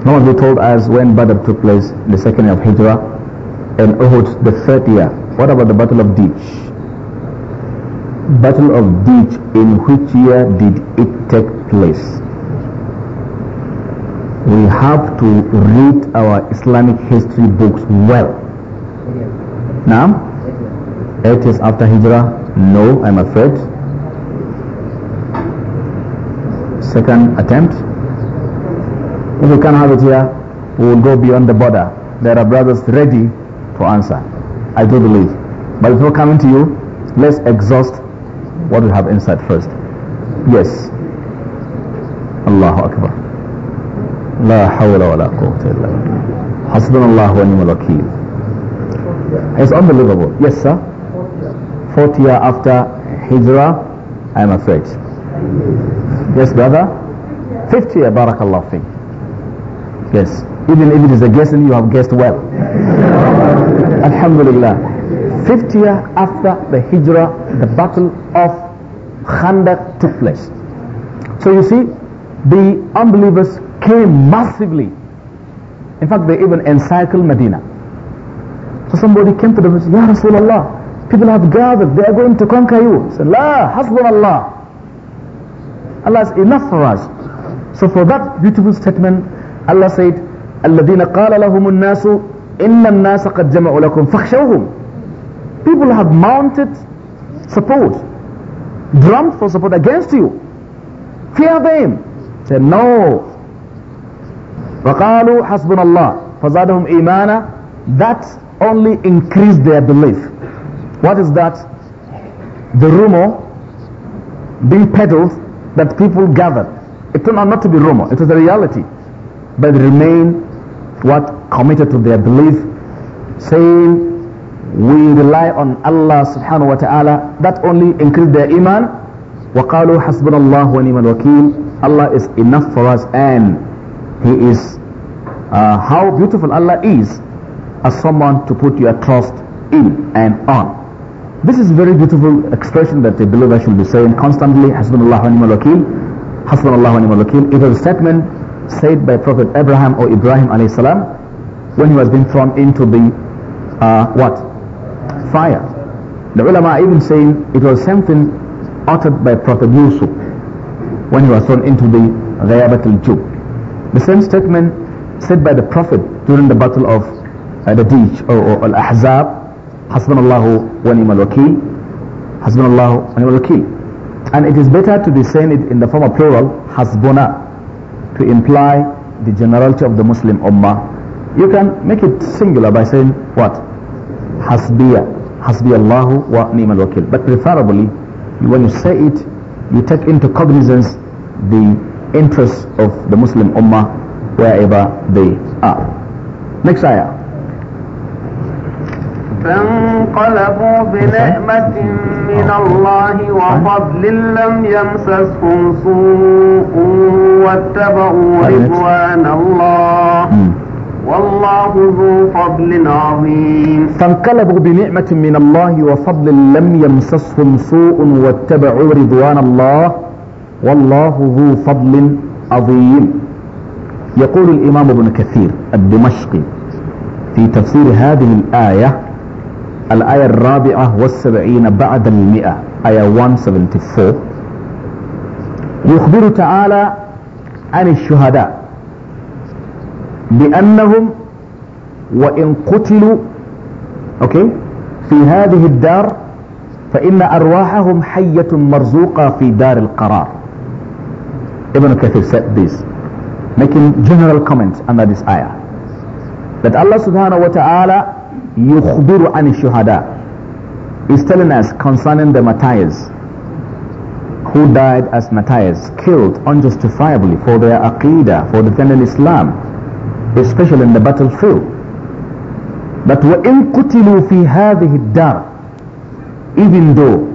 No one told us when Badr took place, in the second year of Hijrah, and Uhud, the third year. What about the Battle of Ditch? Battle of Ditch, in which year did it take place? we have to read our Islamic history books well. Now, eight years after Hijrah? No, I'm afraid. Second attempt. If we can't have it here, we will go beyond the border. There are brothers ready to answer. I do believe. But before coming to you, let's exhaust what we have inside first. Yes. Allahu Akbar. لا حول ولا قوة إلا بالله حسبنا الله ونعم الوكيل It's unbelievable. Yes, sir. Fourth year after Hijrah, I'm afraid. Yes, brother. Fifth year, Barakallah thing. Yes. Even if it is a guessing, you have guessed well. Alhamdulillah. Fifth year after the Hijrah, the battle of Khandaq took place. So you see, the unbelievers came massively. In fact, they even encircled Medina. So somebody came to them and said, Ya Rasulullah, people have gathered, they are going to conquer you. He said, La, hasbun Allah. Allah is enough for us. So for that beautiful statement, Allah said, الَّذِينَ قَالَ لَهُمُ النَّاسُ إِنَّ النَّاسَ قَدْ جَمَعُوا لَكُمْ فَخْشَوْهُمْ People have mounted support, drummed for support against you. Fear them. Say, no, فَقَالُوا حَسْبُنَ اللَّهِ فَزَادَهُمْ إِيمَانًا That only increased their belief. What is that? The rumor being peddled that people gathered. It turned out not to be rumor, it was a reality. But remain what committed to their belief, saying, we rely on Allah subhanahu wa ta'ala. That only increased their iman. وَقَالُوا حَسْبُنَ اللَّهُ وَنِيمَ الْوَكِيلُ Allah is enough for us and he is uh, how beautiful Allah is as someone to put your trust in and on. This is very beautiful expression that the believer should be saying constantly, Hasbunallah wa ni'mal wakil, Hasbunallah wa ni'mal wakil. It was a statement said by Prophet Abraham or Ibrahim alayhi salam when he was being thrown into the, uh, what? Fire. The ulama even saying it was something uttered by Prophet Yusuf when he was thrown into the Ghayabat al-Jub. The same statement said by the Prophet during the battle of uh, the Deej or, or Al-Ahzab, Hasbunallahu wa ni'mal wakil, Hasbunallahu wa ni'mal wakil. And it is better to be saying it in the form of plural, Hasbuna, to imply the generality of the Muslim Ummah. You can make it singular by saying what? Hasbiya, Hasbiyallahu wa ni'mal wakil. But preferably, when you say it, you take into cognizance the interests of the Muslim Ummah wherever they are. Next ayah. فانقلبوا
بنعمة من الله وفضل لم يمسسهم سوء واتبعوا رضوان الله والله ذو فضل
عظيم فانقلبوا بنعمة من الله وفضل لم يمسسهم سوء واتبعوا رضوان الله والله ذو فضل عظيم يقول الإمام ابن كثير الدمشقي في تفسير هذه الآية الآية الرابعة والسبعين بعد المئة آية 174 يخبر تعالى عن الشهداء بأنهم وإن قتلوا أوكي في هذه الدار فإن أرواحهم حية مرزوقة في دار القرار Ibn Kathir said this, making general comments under this ayah. That Allah subhanahu wa ta'ala yukhbiru an shuhada is telling us concerning the martyrs who died as martyrs, killed unjustifiably for their aqidah, for defending Islam, especially in the battlefield. But وَإِن قُتِلُوا فِي هَذِهِ الدَّارِ Even though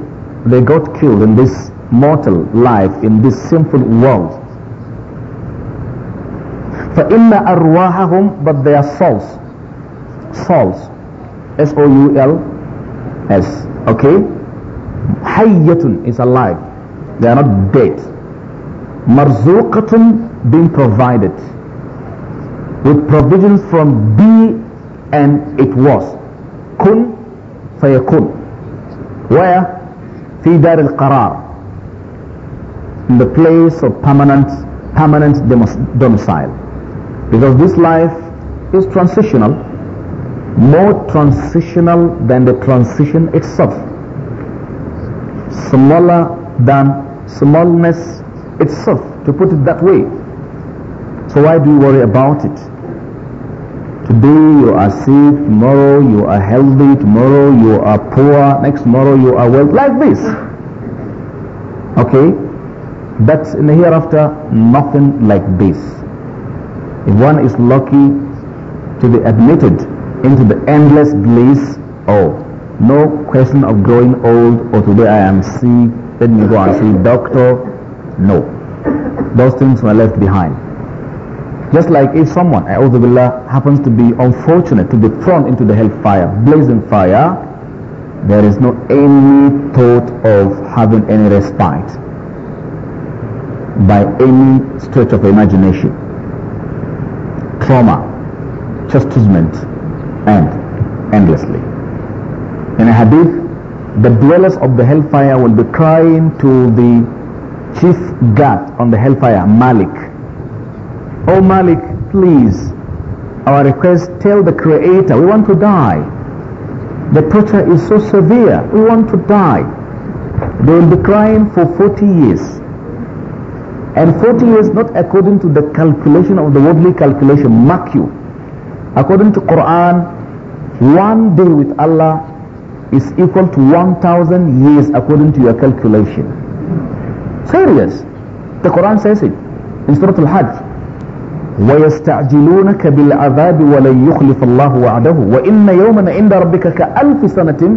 they got killed in this mortal life in this sinful world. فَإِنَّ أَرْوَاحَهُمْ But their souls, souls, S-O-U-L-S, okay? حَيَّةٌ is alive. They are not dead. مَرْزُوقَةٌ being provided with provisions from be and it was. كُن فَيَكُن Where? في دار القرار in the place of permanent, permanent domicile. Because this life is transitional, more transitional than the transition itself. Smaller than smallness itself, to put it that way. So why do you worry about it? Today you are sick, tomorrow you are healthy, tomorrow you are poor, next tomorrow you are well, like this. Okay? But in the hereafter, nothing like this. If one is lucky to be admitted into the endless bliss, oh, no question of growing old or today I am sick, let me go and see doctor. No. Those things were left behind. Just like if someone, Auzubillah, happens to be unfortunate to be thrown into the hellfire, blazing fire, there is no any thought of having any respite by any stretch of imagination. Trauma, chastisement, and endlessly. In a hadith, the dwellers of the hellfire will be crying to the chief god on the hellfire, Malik. Oh Malik, please, our request, tell the creator, we want to die. The torture is so severe, we want to die. They will be crying for 40 years. And 40 years not according to the calculation of the worldly calculation, mark you. According to Quran, one day with Allah is equal to 1000 years according to your calculation. Serious. The Quran says it in Surah Al-Hajj. ويستعجلونك بالعذاب ولن يخلف الله وعده وإن يوما عند ربك كألف سنة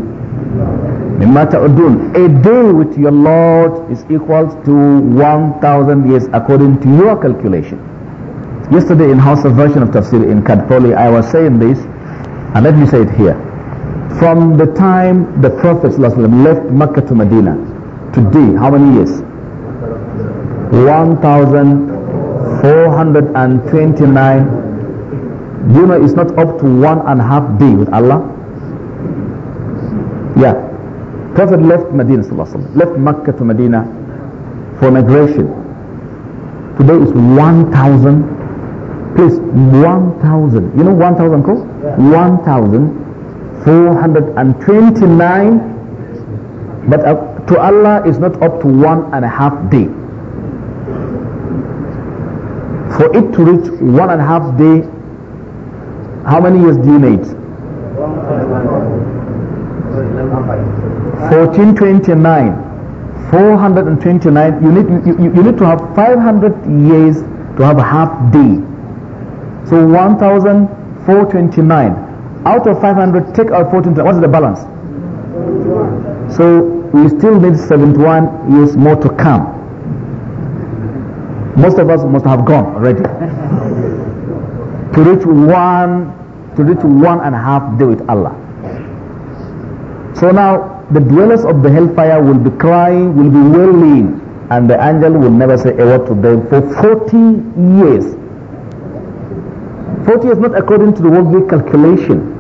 A day with your Lord is equal to 1,000 years according to your calculation. Yesterday in House of Version of Tafsir in Kadpoli, I was saying this, and let me say it here. From the time the Prophet ﷺ left Mecca to Medina, today, how many years? 1,429. You know, it's not up to one and a half day with Allah. Yeah. Prophet left Medina, left Mecca to Medina for migration. Today is 1,000, please, 1,000. You know 1,000 calls? Yeah. 1,429. But uh, to Allah is not up to one and a half day. For it to reach one and a half day, how many years do you need?
1429
429 you need you, you need to have 500 years to have a half day so 1429 out of 500 take out fourteen. what's the balance so we still need 71 years more to come most of us must have gone already to reach one to reach one and a half day with Allah so now the dwellers of the hellfire will be crying, will be wailing, and the angel will never say a word to them for 40 years. 40 years not according to the worldly calculation.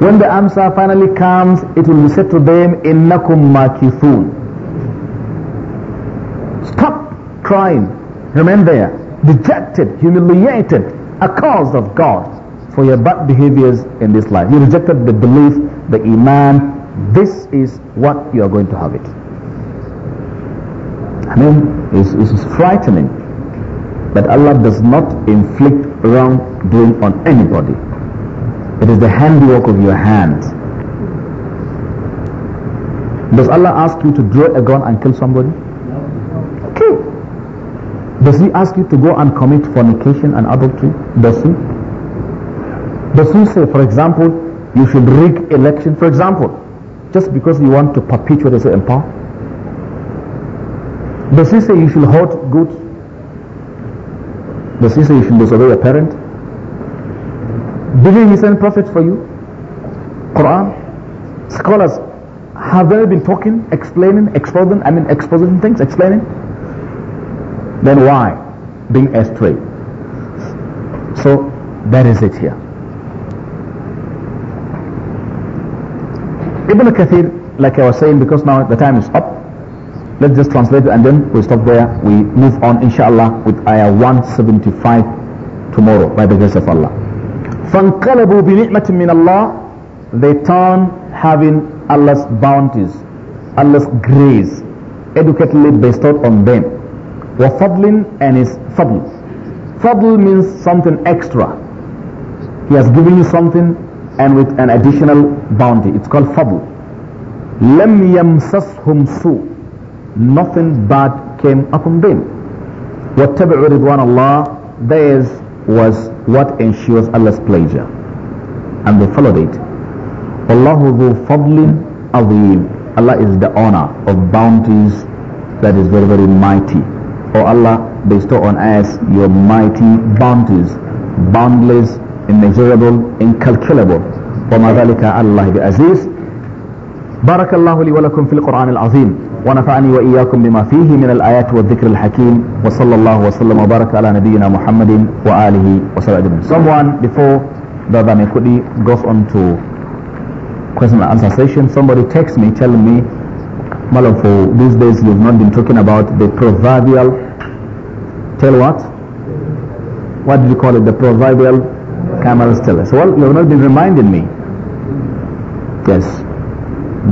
When the answer finally comes, it will be said to them, Innakum makithun. Stop crying. Remain there, dejected, humiliated, cause of God for your bad behaviors in this life. You rejected the belief, the iman, this is what you are going to have it. I mean, it's, is frightening. But Allah does not inflict wrongdoing on anybody. It is the handiwork of your hand. Does Allah ask you to draw a gun and kill somebody? Okay. Does He ask you to go and commit fornication and adultery? Does He? Does He say, for example, you should rig election? For example, just because you want to perpetuate the empire, power? Does he say you should hold good? Does he say you should disobey your parent? Didn't he send prophets for you? Quran? Scholars, have they been talking, explaining, exposing, I mean exposing things, explaining? Then why being astray? So that is it here. Ibn Kathir, like I was saying, because now the time is up, let's just translate it and then we stop there. We move on, inshallah, with ayah 175 tomorrow by the grace of Allah. فَانْقَلَبُوا بِنِعْمَةٍ مِّنَ اللَّهِ They turn having Allah's bounties, Allah's grace, educatedly bestowed on them. وَفَضْلٍ and his fadl. Fadl means something extra. He has given you something and with an additional bounty. It's called fadl. لَمْ يَمْسَسْهُمْ su, Nothing bad came upon them. Whatever Ridwan Allah, Theirs was what ensures Allah's pleasure. And they followed it. Allahu ذُو فَضْلٍ عَظِيمٍ Allah is the owner of bounties that is very, very mighty. O oh Allah, bestow on us your mighty bounties, boundless immeasurable incalculable وما ذلك على الله بعزيز بارك الله لي ولكم في القرآن العظيم ونفعني وإياكم بما فيه من الآيات والذكر الحكيم وصلى الله وسلم وبارك على نبينا محمد وآله وسلم Someone before Brother Mekudi goes on to question and answer session somebody texts me telling me Malam for these days you've not been talking about the proverbial tell what? What do you call it? The proverbial camels tell So, well, you have not been reminding me. Yes.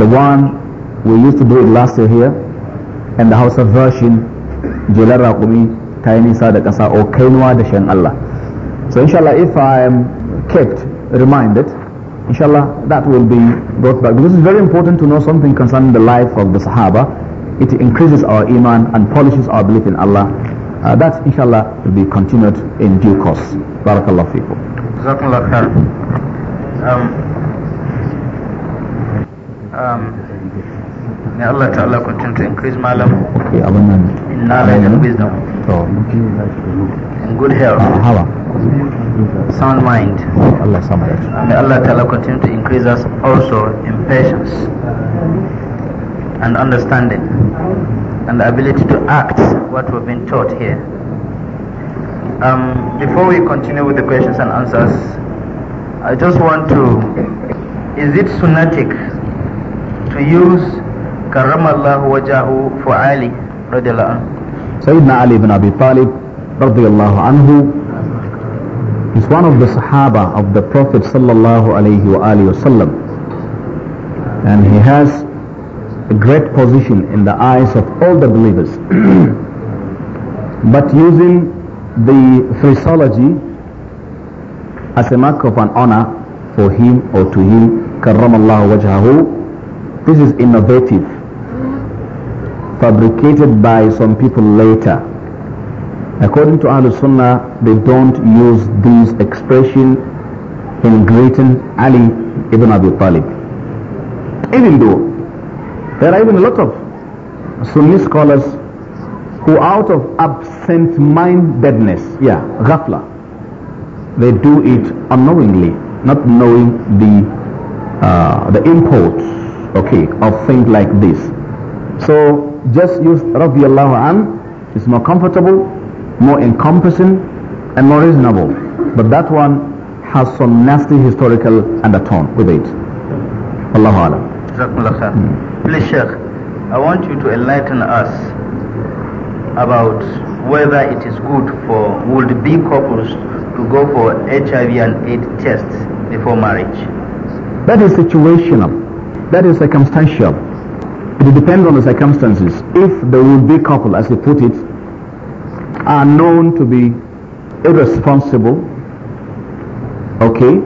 The one we used to do it last year here, in the House of Version, Jelar Rakumi, Sadakasa, or Kainwa Allah. So, inshallah, if I am kept reminded, inshallah, that will be brought back. Because it's very important to know something concerning the life of the Sahaba. It increases our iman and polishes our belief in Allah. Uh, that, inshallah, will be continued in due course. Barakallah fikum.
Jazakumullah khair. Um, um, may Allah Ta'ala continue to increase my love in knowledge and
wisdom, in good health, uh, sound mind. Allah May Allah
Ta'ala continue to increase us also in patience and understanding and the ability to act what we've been taught here. Um, before we continue with the questions and answers, I just want to, is it sunnatic to use karamallahu wajahu for Ali radiallahu anhu?
Sayyidina Ali ibn Abi Talib radiallahu anhu is one of the Sahaba of the Prophet sallallahu alayhi wa alayhi wasallam. And he has a great position in the eyes of all the believers. but using the phraseology as a mark of an honor for him or to him this is innovative fabricated by some people later according to al Sunnah they don't use this expression in greeting Ali ibn Abi Talib even though there are even a lot of Sunni scholars who out of absent-mindedness, yeah, ghafla, they do it unknowingly, not knowing the uh, the import, okay, of things like this. So just use Allah an, it's more comfortable, more encompassing, and more reasonable. But that one has some nasty historical undertone with it. Allahu Alam.
Hmm. Please, Sheikh, I want you to enlighten us about whether it is good for would-be couples to go for HIV and AIDS tests before marriage?
That is situational. That is circumstantial. It depends on the circumstances. If the would-be couple, as they put it, are known to be irresponsible, okay,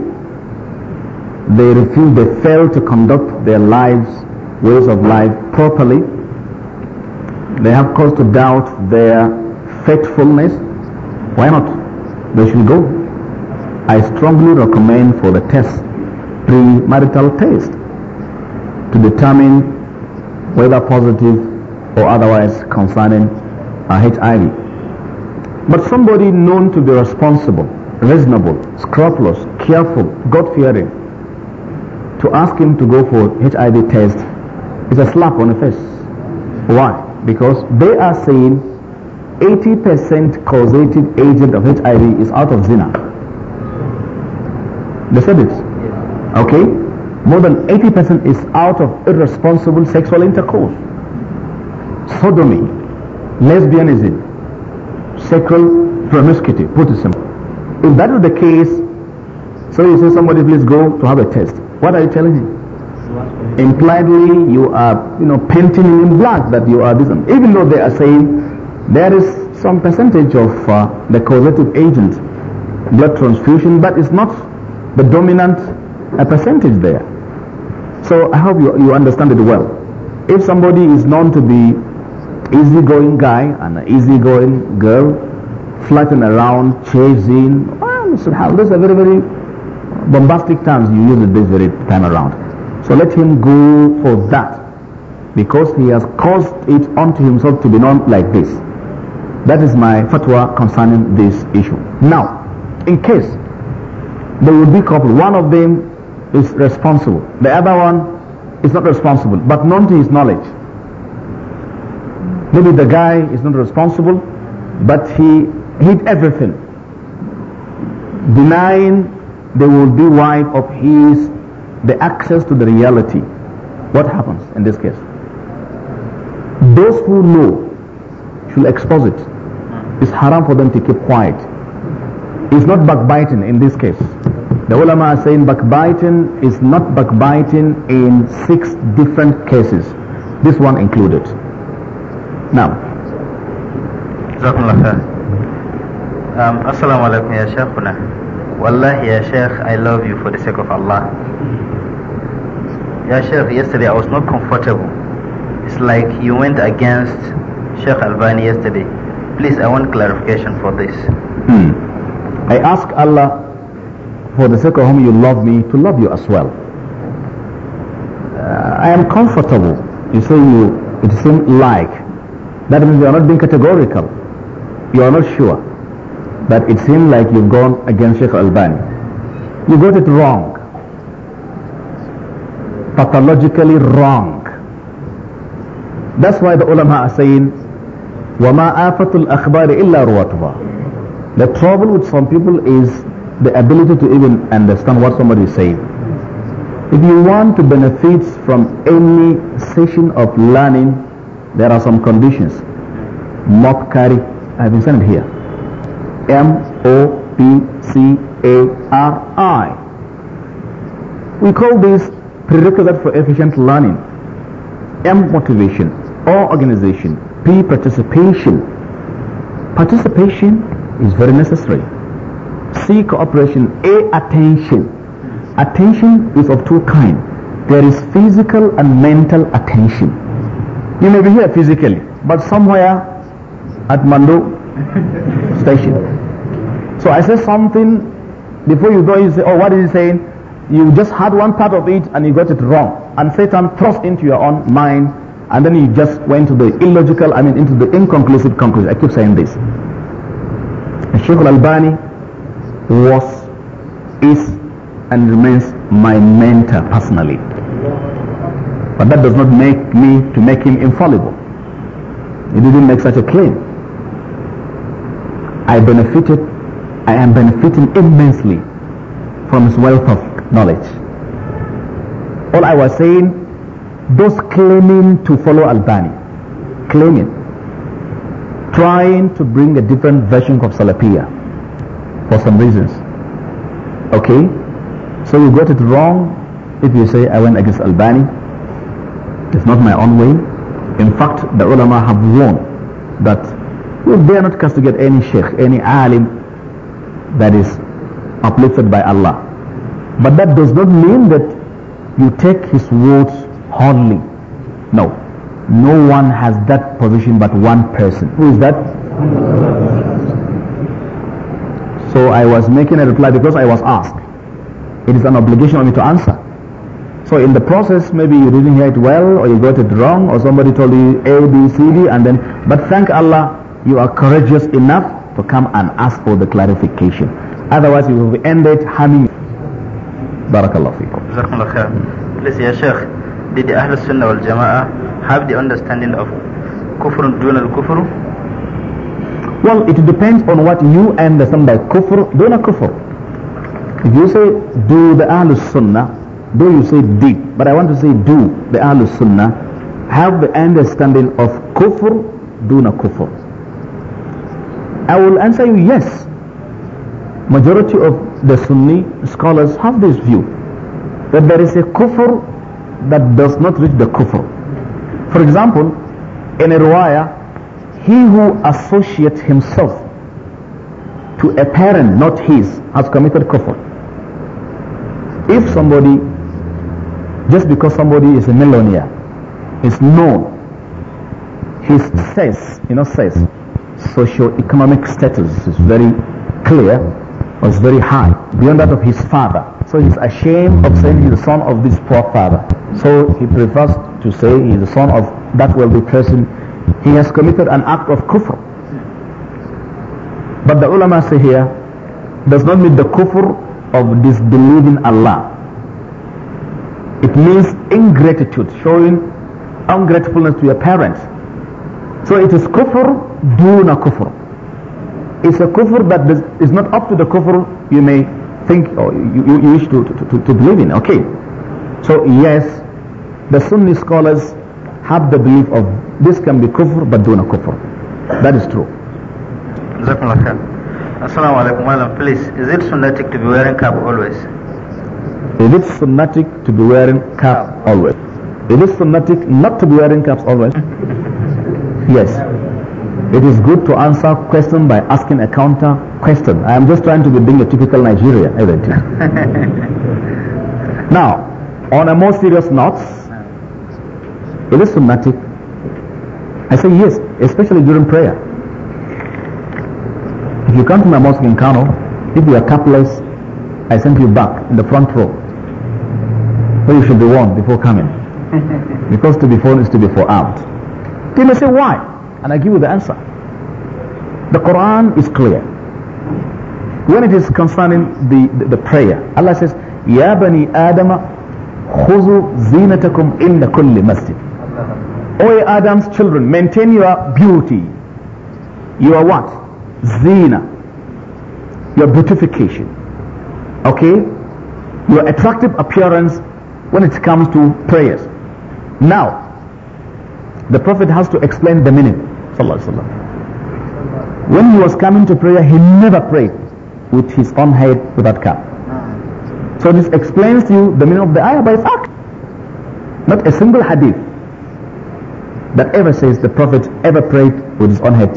they refuse, they fail to conduct their lives, ways of life properly, they have cause to doubt their faithfulness, why not? They should go. I strongly recommend for the test, premarital test, to determine whether positive or otherwise concerning HIV. But somebody known to be responsible, reasonable, scrupulous, careful, God-fearing, to ask him to go for HIV test is a slap on the face. Why? because they are saying 80% causative agent of HIV is out of zina. They said it. Okay? More than 80% is out of irresponsible sexual intercourse. Sodomy, lesbianism, sexual promiscuity, put it simple. If that is the case, so you say somebody please go to have a test. What are you telling him? impliedly you are you know painting in black that you are this even though they are saying there is some percentage of uh, the causative agent blood transfusion but it's not the dominant uh, percentage there so I hope you, you understand it well if somebody is known to be easygoing guy and an easygoing girl flirting around chasing well, subhanallah those are very very bombastic terms you use it this very time around so let him go for that because he has caused it unto himself to be known like this. That is my fatwa concerning this issue. Now, in case there will be couple, one of them is responsible, the other one is not responsible, but known to his knowledge. Maybe the guy is not responsible, but he hid everything, denying there will be wife of his the access to the reality, what happens in this case? Those who know should expose it. It's haram for them to keep quiet. It's not backbiting in this case. The ulama are saying backbiting is not backbiting in six different cases, this one included. Now,
um, Assalamu alaikum ya Shaykhuna. Wallahi, Ya Sheikh, I love you for the sake of Allah. Ya Sheikh, yesterday I was not comfortable. It's like you went against Sheikh Albani yesterday. Please, I want clarification for this.
Hmm. I ask Allah for the sake of whom you love me to love you as well. Uh, I am comfortable. You say you, it seems like. That means you are not being categorical. You are not sure. But it seems like you've gone against Sheikh Albani. You got it wrong. Pathologically wrong. That's why the ulama are saying, وَمَا آفَةُ الْأَخْبَارِ إِلَّا رُوَاتُهَا The trouble with some people is the ability to even understand what somebody is saying. If you want to benefit from any session of learning, there are some conditions. Mob I've been saying it here. M-O-P-C-A-R-I. We call this prerequisite for efficient learning. M motivation or organization. P participation. Participation is very necessary. C cooperation. A attention. Attention is of two kinds. There is physical and mental attention. You may be here physically, but somewhere at Mando station. So I say something, before you go. you say, oh, what is he saying? You just had one part of it and you got it wrong. And Satan thrust into your own mind and then you just went to the illogical, I mean into the inconclusive conclusion. I keep saying this. Sheikh al-Albani was, is and remains my mentor personally. But that does not make me to make him infallible. He didn't make such a claim. I benefited I am benefiting immensely from his wealth of knowledge. All I was saying, those claiming to follow Albani, claiming, trying to bring a different version of Salafia for some reasons. Okay? So you got it wrong if you say I went against Albani. It's not my own way. In fact, the ulama have warned that you dare not castigate any sheikh, any alim that is uplifted by Allah. But that does not mean that you take his words hardly. No. No one has that position but one person. Who is that? So I was making a reply because I was asked. It is an obligation on me to answer. So in the process, maybe you didn't hear it well or you got it wrong or somebody told you A, B, C, D and then, but thank Allah, you are courageous enough to come and ask for the clarification. Otherwise, we will end it harming. Barakallah fiqh.
Please, Ya Sheikh, did the Ahl Sunnah wal Jama'ah have the understanding of kufr dun al kufr?
Well, it depends on what you understand by kufr dun al kufr. If you say do the Ahl Sunnah, though you say did, but I want to say do the Ahl Sunnah, have the understanding of kufr dun al kufr. I will answer you yes. Majority of the Sunni scholars have this view that there is a kufr that does not reach the kufr. For example, in a riwayah, he who associates himself to a parent not his has committed kufr. If somebody, just because somebody is a millionaire, is known, he says, you know, says, socio-economic status is very clear, was very high, beyond that of his father. So he's ashamed of saying he's the son of this poor father. So he prefers to say he's the son of that wealthy person. He has committed an act of kufr. But the ulama say here, does not mean the kufr of disbelieving Allah. It means ingratitude, showing ungratefulness to your parents. So it is kufr duna kufr. It's a kufr but not up to the kufr you may think or you, you wish to, to, to, to believe in. Okay. So yes, the Sunni scholars have the belief of this can be kufr but duna kufr. That is true.
Assalamu alaikum, madam. Please, is it sunnatic to be wearing cap always?
Is it sunnatic to be wearing cap always? Is it sunnatic not to be wearing caps always? Yes. It is good to answer question by asking a counter question. I am just trying to be being a typical Nigerian, isn't it? now, on a more serious note, it is sunnatic. I say yes, especially during prayer. If you come to my mosque in Kano, if you are capless, I send you back in the front row. So you should be warned before coming. because to be warned is to be forearmed. They may say, why? And I give you the answer. The Quran is clear. When it is concerning the, the, the prayer, Allah says, "Ya bani آدم خذوا زينتكم عند كل مسجد. O Adam's children, maintain your beauty. Your what? Zina. Your beautification. Okay? Your attractive appearance when it comes to prayers. Now, the Prophet has to explain the meaning. When he was coming to prayer, he never prayed with his own head without cap. So this explains to you the meaning of the ayah by fact. Not a single hadith that ever says the Prophet ever prayed with his own head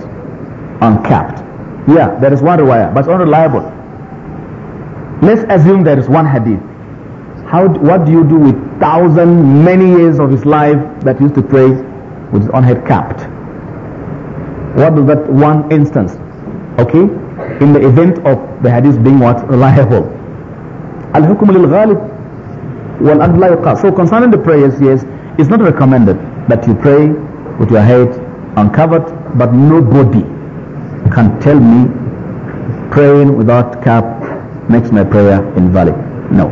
uncapped. Yeah, there is one riwayah, but it's unreliable. Let's assume there is one hadith. How, what do you do with thousand, many years of his life that used to pray with his own head capped. What does that one instance? Okay? In the event of the hadith being what? Reliable. Al-Hukum lil-ghalib wal So concerning the prayers, yes, it's not recommended that you pray with your head uncovered, but nobody can tell me praying without cap makes my prayer invalid. No.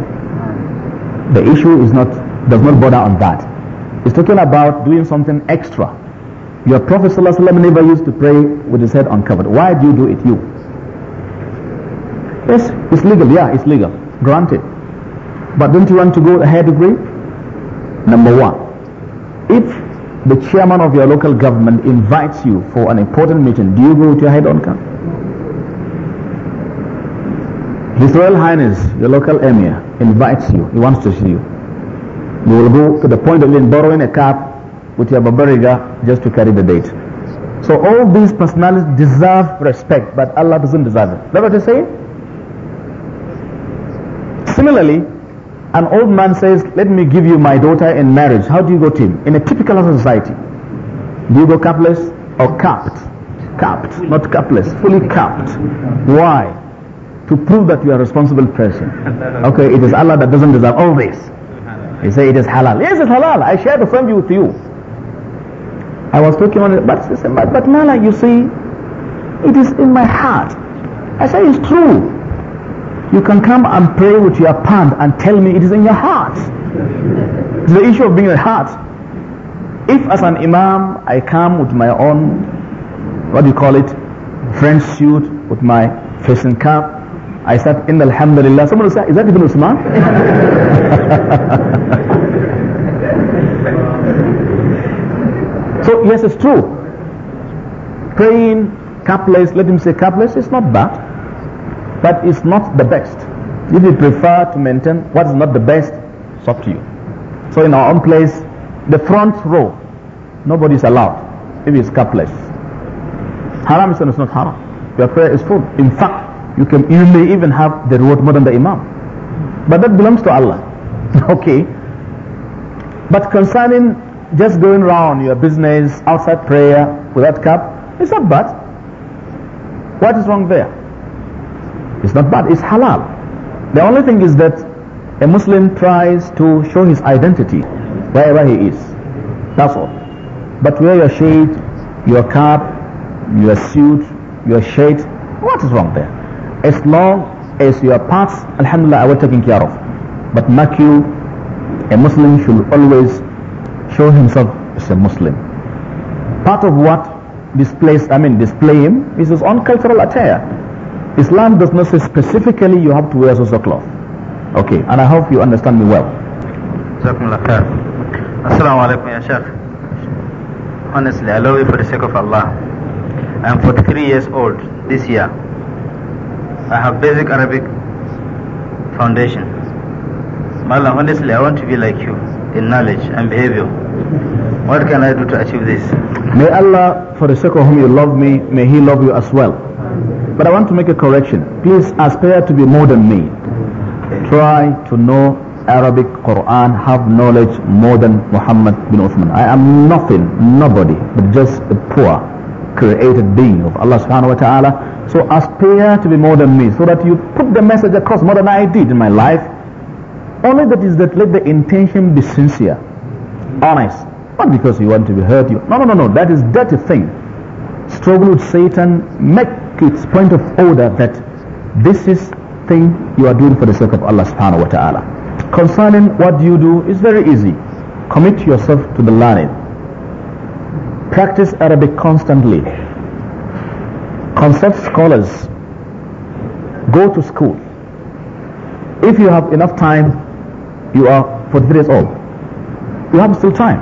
The issue is not, does not border on that. He's talking about doing something extra. Your Prophet ﷺ never used to pray with his head uncovered. Why do you do it, you? Yes, it's legal. Yeah, it's legal. Granted. But don't you want to go ahead degree? Number one, if the chairman of your local government invites you for an important meeting, do you go with your head uncovered? His Royal Highness, the local emir, invites you. He wants to see you. You will go to the point of even borrowing a cap with your babariga just to carry the date. So all these personalities deserve respect, but Allah doesn't deserve it. That's what you're saying? Similarly, an old man says, let me give you my daughter in marriage. How do you go to him? In a typical society, do you go capless or capped? Capped, not capless, fully capped. Why? To prove that you are a responsible person. Okay, it is Allah that doesn't deserve all this. He said it is halal. Yes, it's halal. I share the same view with you. I was talking on it, but, but, but Nana, you see, it is in my heart. I say it's true. You can come and pray with your pant and tell me it is in your heart. it's the issue of being in the heart. If as an imam I come with my own, what do you call it, French suit, with my facing cap, I said, In Alhamdulillah. Someone said, Is that Ibn Usman? so, yes, it's true. Praying capless, let him say capless, it's not bad, but it's not the best. If you prefer to maintain what is not the best, it's up to you. So, in our own place, the front row, nobody is allowed if it's capless. Haram is not haram. Your prayer is full. In fact, you can you may even have the reward more than the imam. But that belongs to Allah. okay. But concerning just going round your business outside prayer without cap, it's not bad. What is wrong there? It's not bad. It's halal. The only thing is that a Muslim tries to show his identity wherever he is. That's all. But wear your shade, your cap, your suit, your shade. What is wrong there? as long as your parts, alhamdulillah, are well taken care of. But mark you, a Muslim should always show himself as a Muslim. Part of what displays, I mean, display him is his own cultural attire. Islam does not say specifically you have to wear social cloth. Okay, and I hope you understand me well.
Assalamu alaikum, Ya Sheikh. Honestly, I love you for the sake of Allah. I'm 43 years old this year. I have basic Arabic foundation. Malam, honestly, I want to be like you in knowledge and behavior. What can I do to achieve this?
May Allah, for the sake of whom you love me, may He love you as well. But I want to make a correction. Please aspire to be more than me. Try to know Arabic Quran, have knowledge more than Muhammad bin Uthman. I am nothing, nobody, but just a poor created being of Allah subhanahu wa ta'ala so aspire to be more than me so that you put the message across more than I did in my life. Only that is that let the intention be sincere, honest. Not because you want to be hurt. You no no no no. That is dirty thing. Struggle with Satan. Make its point of order that this is thing you are doing for the sake of Allah subhanahu wa ta'ala. Concerning what you do is very easy. Commit yourself to the learning. Practice Arabic constantly concept scholars go to school if you have enough time you are 43 years old you have still time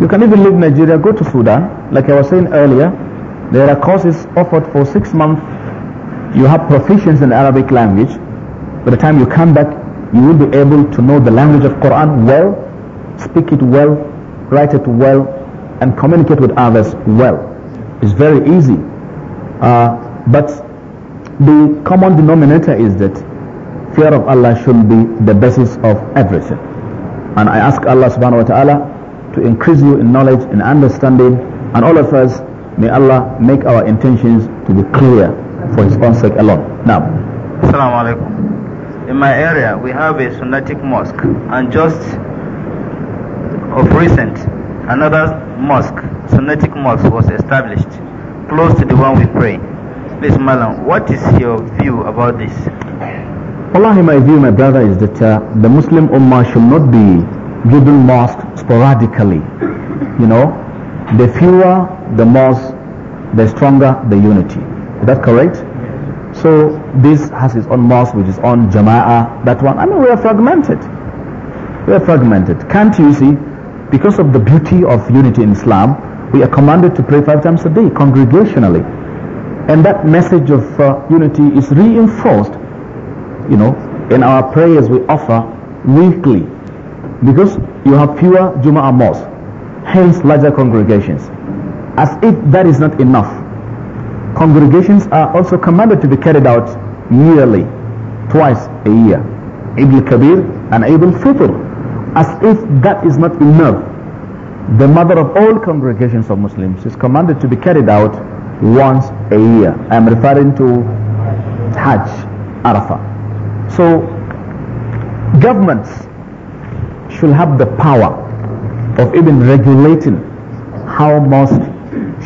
you can even leave Nigeria go to Sudan like I was saying earlier there are courses offered for six months you have proficiency in Arabic language by the time you come back you will be able to know the language of Quran well speak it well write it well and communicate with others well it's very easy uh, but the common denominator is that fear of Allah should be the basis of everything. And I ask Allah subhanahu wa ta'ala to increase you in knowledge and understanding and all of us may Allah make our intentions to be clear for his own sake alone. Now.
Assalamu alaikum. In my area we have a Sunnitic mosque and just of recent another mosque, Sunnitic mosque was established close to the one we pray. Please, Malam, what is your view about this?
Wallahi, my view, my brother, is that uh, the Muslim Ummah should not be giving mosques sporadically. You know, the fewer the mosque, the stronger the unity. Is that correct? So this has its own mosque, which is on Jama'ah, that one. I mean, we are fragmented. We are fragmented. Can't you see? Because of the beauty of unity in Islam, we are commanded to pray five times a day congregationally. And that message of uh, unity is reinforced, you know, in our prayers we offer weekly. Because you have fewer and mosques, hence larger congregations. As if that is not enough, congregations are also commanded to be carried out yearly, twice a year. Ibn al-Kabir and Ibn al-Fitr. As if that is not enough, the mother of all congregations of Muslims, is commanded to be carried out once a year. I am referring to Hajj, Arafah. So, governments should have the power of even regulating how mosques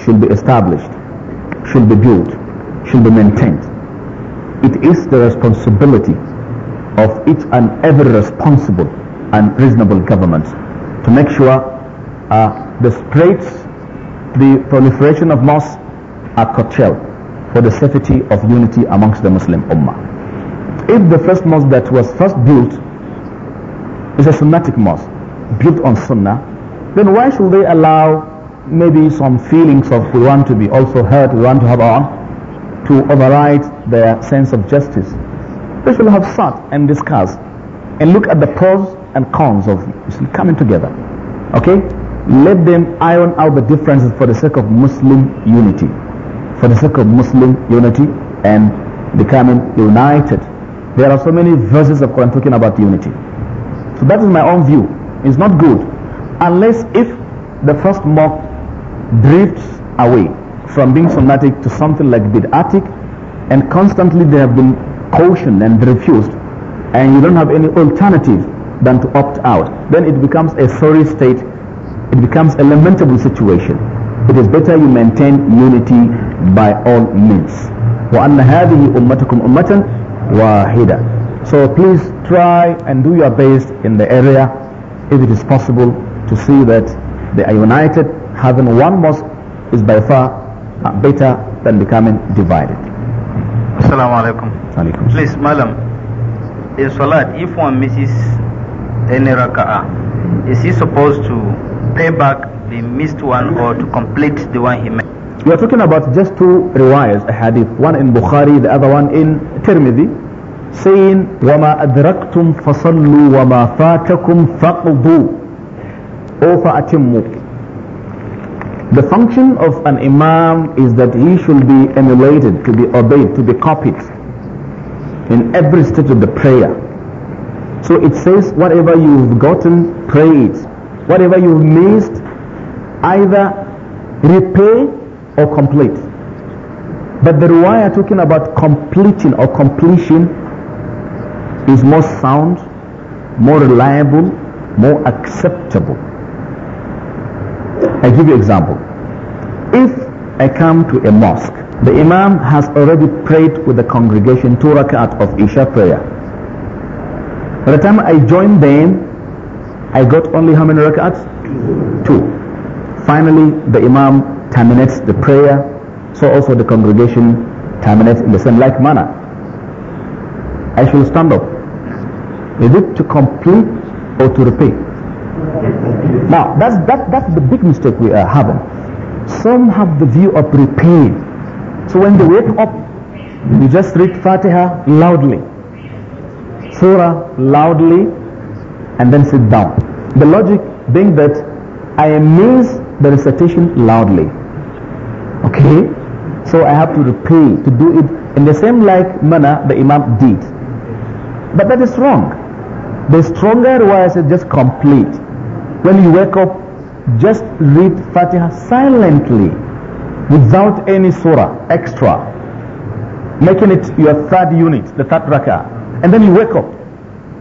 should be established, should be built, should be maintained. It is the responsibility of each and every responsible and reasonable government to make sure uh, the spread, the proliferation of mosques are curtailed for the safety of unity amongst the Muslim Ummah. If the first mosque that was first built is a Sunnitic mosque, built on Sunnah, then why should they allow maybe some feelings of we want to be also heard, we want to have our to override their sense of justice? They should have sat and discussed and look at the pros and cons of coming together. Okay? let them iron out the differences for the sake of Muslim unity, for the sake of Muslim unity and becoming united. There are so many verses of Quran talking about unity. So that is my own view. It's not good unless if the first mock drifts away from being sunnatic to something like bid'atic and constantly they have been cautioned and refused and you don't have any alternative than to opt out. Then it becomes a sorry state it becomes a lamentable situation. It is better you maintain unity by all means. So please try and do your best in the area if it is possible to see that they are united. Having one mosque is by far uh, better than becoming divided. Assalamu alaikum.
Please, madam, in Salat, if one misses any raka'ah, is he supposed to pay back the missed one or to complete the one he made?
We are talking about just two riwayahs, a hadith, one in Bukhari, the other one in Tirmidhi, saying, وَمَا أَدْرَكْتُمْ فَصَلُّوا وَمَا فَاتَكُمْ فَقْضُوا أو فَأَتِمُّوا The function of an imam is that he should be emulated, to be obeyed, to be copied in every stage of the prayer. So it says, whatever you've gotten, pray it whatever you missed, either repay or complete. But the riwayah talking about completing or completion is more sound, more reliable, more acceptable. I give you example. If I come to a mosque, the Imam has already prayed with the congregation two rakat of Isha prayer. By the time I join them, I got only how many rak'ats? Two. Finally, the Imam terminates the prayer, so also the congregation terminates in the same like manner. I shall stand up. Is it to complete or to repeat? Now, that's, that, that's the big mistake we are having. Some have the view of repeat. So when they wake up, you just read Fatiha loudly, Surah loudly, and then sit down. The logic being that I amaze the recitation loudly. Okay? So I have to repeat to do it in the same like manner the Imam did. But that is wrong. The stronger riwayah is just complete. When you wake up, just read Fatiha silently without any surah extra making it your third unit the third rak'ah and then you wake up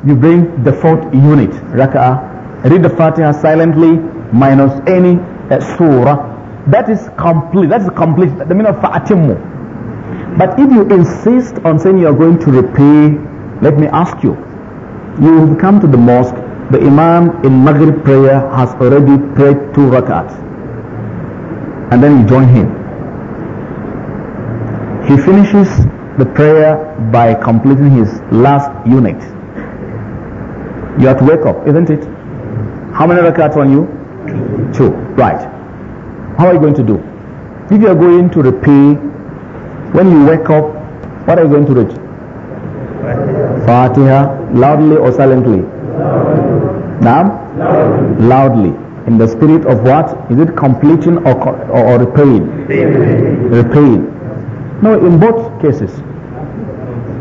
you bring the fourth unit rak'ah read the Fatiha silently minus any uh, surah. That is complete. That is complete. The meaning of fa'atimu. But if you insist on saying you are going to repay, let me ask you. You have come to the mosque. The Imam in Maghrib prayer has already prayed two rakats. And then you join him. He finishes the prayer by completing his last unit. You have to wake up, isn't it? How many rakat on you? Two. Right. How are you going to do? If you are going to repay, when you wake up, what are you going to read? Fatiha, loudly or silently? Now? Loudly. In the spirit of what? Is it completing or, or, or repaying? Repaying. No, in both cases.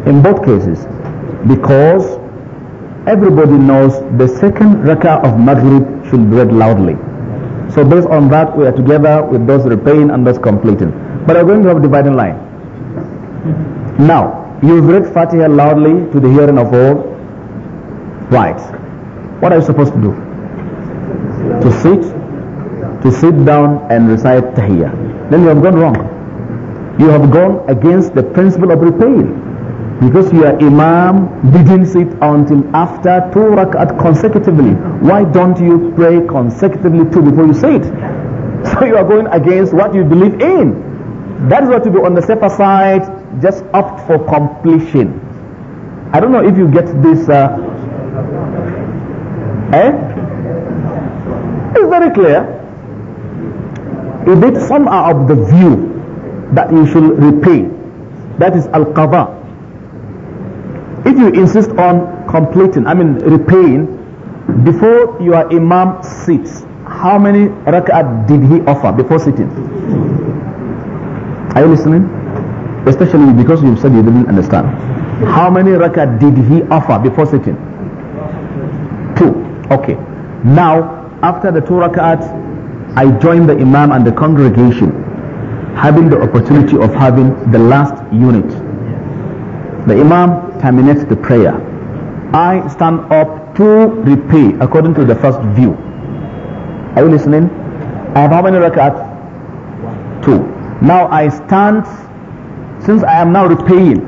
In both cases. Because everybody knows the second rak'ah of Maghrib should be read loudly. So based on that, we are together with those repaying and those completing. But we're going to have a dividing line. Now, you've read Fatiha loudly to the hearing of all. Right. What are you supposed to do? To sit, to sit down and recite Tahiyya. Then you have gone wrong. You have gone against the principle of repaying. Because your Imam begins it until after two rak'at consecutively. Why don't you pray consecutively two before you say it? So you are going against what you believe in. That is what to do on the safer side. Just opt for completion. I don't know if you get this. Uh, eh? It's very clear. Indeed, some are of the view that you should repay. That is al-qadha if you insist on completing, I mean repaying, before your imam sits, how many rak'ah did he offer before sitting? Are you listening? Especially because you said you didn't understand. How many rak'ah did he offer before sitting? Two. Okay. Now, after the two rak'ahs, I join the imam and the congregation, having the opportunity of having the last unit. The imam terminates the prayer. I stand up to repay according to the first view. Are you listening? I have how many rak'at? Two. Now I stand, since I am now repaying,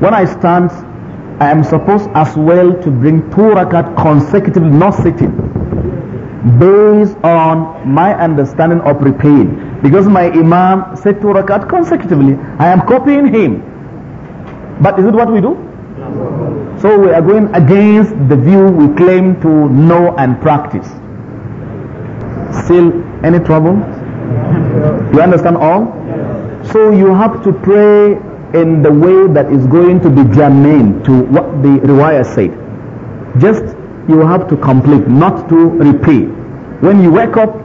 when I stand, I am supposed as well to bring two rakat consecutively, not sitting, based on my understanding of repaying. Because my imam said two rakat consecutively. I am copying him. But is it what we do? So we are going against the view we claim to know and practice. Still any trouble? You understand all? So you have to pray in the way that is going to be germane to what the riwayah said. Just you have to complete, not to repeat. When you wake up,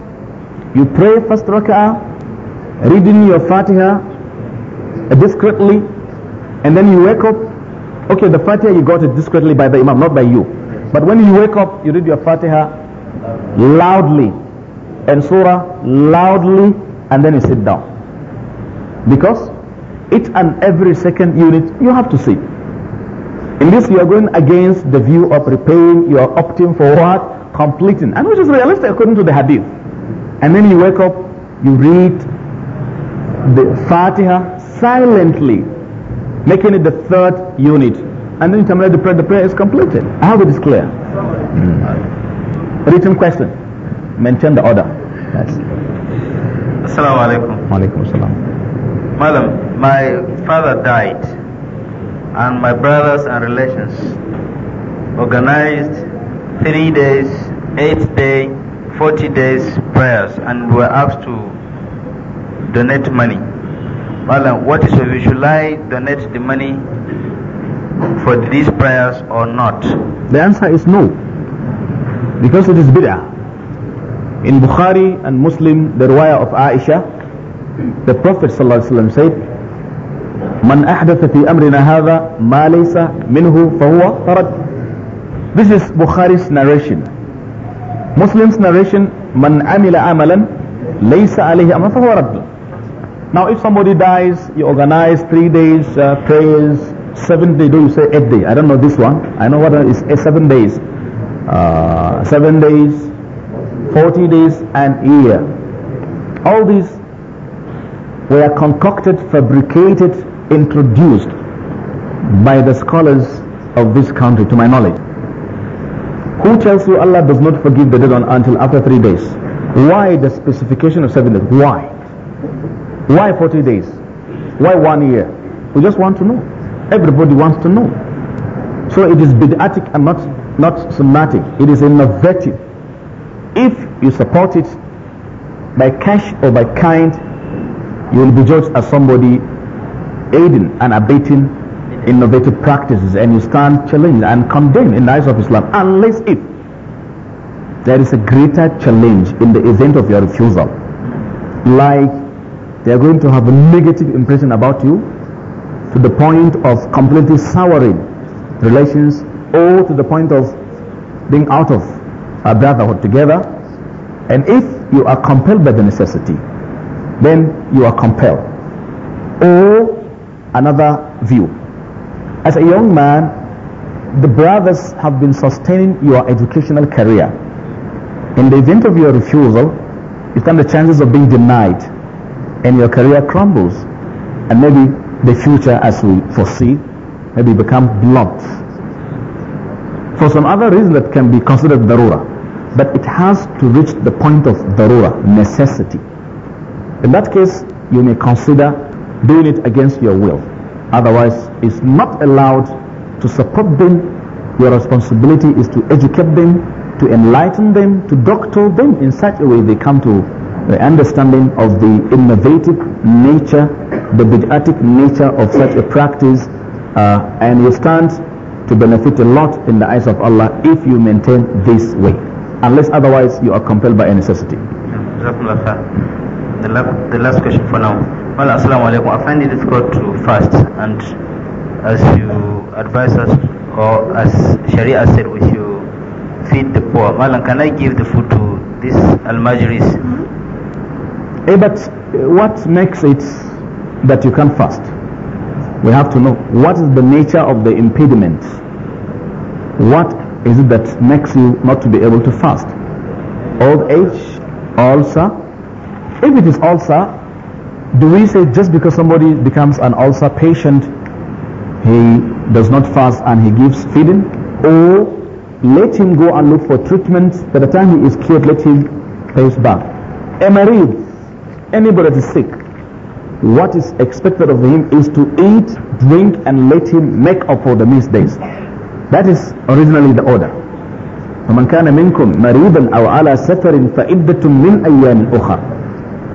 you pray first rak'ah, reading your fatiha discreetly, and then you wake up, Okay, the Fatiha you got it discreetly by the Imam, not by you. But when you wake up, you read your Fatiha loudly and Surah loudly and then you sit down. Because each and every second unit you have to sit. In this you are going against the view of repaying, you are opting for what? Completing. And which is realistic according to the hadith. And then you wake up, you read the Fatiha silently making it the third unit. And then you terminate the prayer, the prayer is completed. I hope it is clear. Mm. Written question. Maintain the order. Yes.
Assalamu alaikum.
Alaikum assalam.
Madam, my father died, and my brothers and relations organized three days, eight day, forty days prayers, and were asked to donate money. Malam, what is your should I donate the money for these prayers or not?
The answer is no, because it is bid'ah. In Bukhari and Muslim, the riwayah of Aisha, the Prophet ﷺ said, من أحدث في أمرنا هذا ما ليس منه فهو فرد. This is Bukhari's narration. Muslim's narration, من عمل عملا ليس عليه أمر فهو رد. Now, if somebody dies, you organize three days uh, prayers, seven day. Do you say eight day? I don't know this one. I know what is eh, seven days, uh, seven days, forty days, and year. All these were concocted, fabricated, introduced by the scholars of this country, to my knowledge. Who tells you Allah does not forgive the dead until after three days? Why the specification of seven days? Why? Why 40 days? Why one year? We just want to know. Everybody wants to know. So it is bid'atic and not, not sunnatic. It is innovative. If you support it by cash or by kind, you will be judged as somebody aiding and abating innovative practices and you stand challenged and condemned in the eyes of Islam unless if there is a greater challenge in the event of your refusal like they are going to have a negative impression about you to the point of completely souring relations or to the point of being out of a brotherhood together. And if you are compelled by the necessity, then you are compelled. Or another view. As a young man, the brothers have been sustaining your educational career. In the event of your refusal, you stand the chances of being denied and your career crumbles. And maybe the future as we foresee, maybe become blunt. For some other reason that can be considered darura. But it has to reach the point of darura, necessity. In that case, you may consider doing it against your will. Otherwise, it's not allowed to support them. Your responsibility is to educate them, to enlighten them, to doctor them in such a way they come to the understanding of the innovative nature, the bid'atic nature of such a practice, uh, and you stand to benefit a lot in the eyes of Allah if you maintain this way, unless otherwise you are compelled by a necessity.
The, last, the last question for now. Well, assalamu alaikum. I find it difficult to fast, and as you advise us, or as Sharia said, we should feed the poor. Malan, can I give the
food to these almajiris? Hey, eh, but what makes it that you can't fast? We have to know what is the nature of the impediment. What is it that makes you not to be able to fast? Old age, ulcer. If it is ulcer, do we say just because somebody becomes an ulcer patient, he does not fast and he gives feeding, or let him go and look for treatment? By the time he is cured, let him pay back. Emerid, anybody that is sick, what is expected of him is to eat, drink, and let him make up for the missed days. That is originally the order. فمن كان منكم مريضا أو على سفر فعدة من أيام أخرى.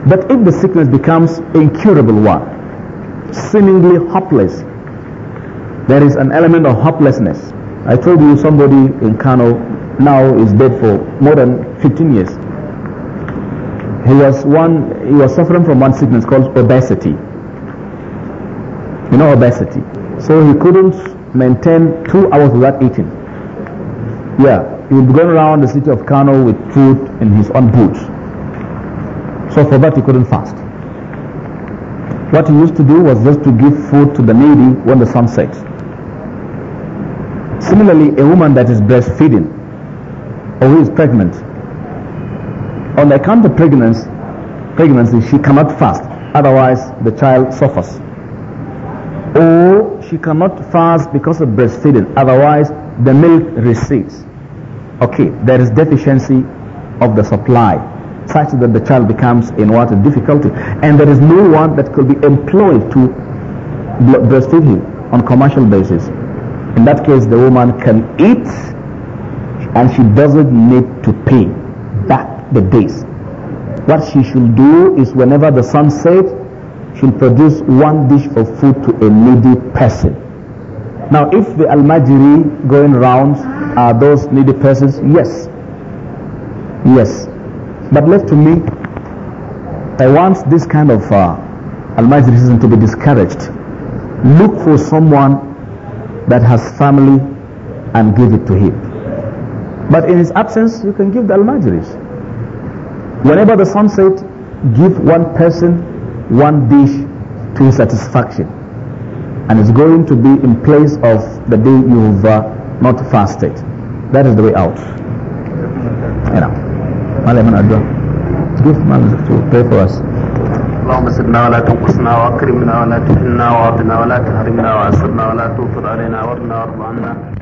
But if the sickness becomes incurable one, seemingly hopeless, there is an element of hopelessness. I told you somebody in Kano now is dead for more than 15 years he was one he was suffering from one sickness called obesity you know obesity so he couldn't maintain two hours without eating yeah he would be going around the city of Kano with food in his own boots so for that he couldn't fast what he used to do was just to give food to the needy when the sun sets similarly a woman that is breastfeeding or who is pregnant on account of pregnancy, pregnancy she cannot fast, otherwise the child suffers. Or she cannot fast because of breastfeeding, otherwise the milk recedes. Okay, there is deficiency of the supply such that the child becomes in what difficulty. And there is no one that could be employed to breastfeed him on commercial basis. In that case, the woman can eat and she doesn't need to pay the days. What she should do is whenever the sun sets, she'll produce one dish of food to a needy person. Now, if the Almajiri going round are those needy persons, yes. Yes. But left to me, I want this kind of uh, Almajiri to be discouraged. Look for someone that has family and give it to him. But in his absence, you can give the Almajiris. Whenever the sun sets, give one person one dish to his satisfaction. And it's going to be in place of the day you've uh, not fasted. That is the way out. You know. Give man to pray for us.
اللهم سدنا ولا تنقصنا واكرمنا ولا تهنا ولا تحرمنا ولا علينا وارنا وارض عنا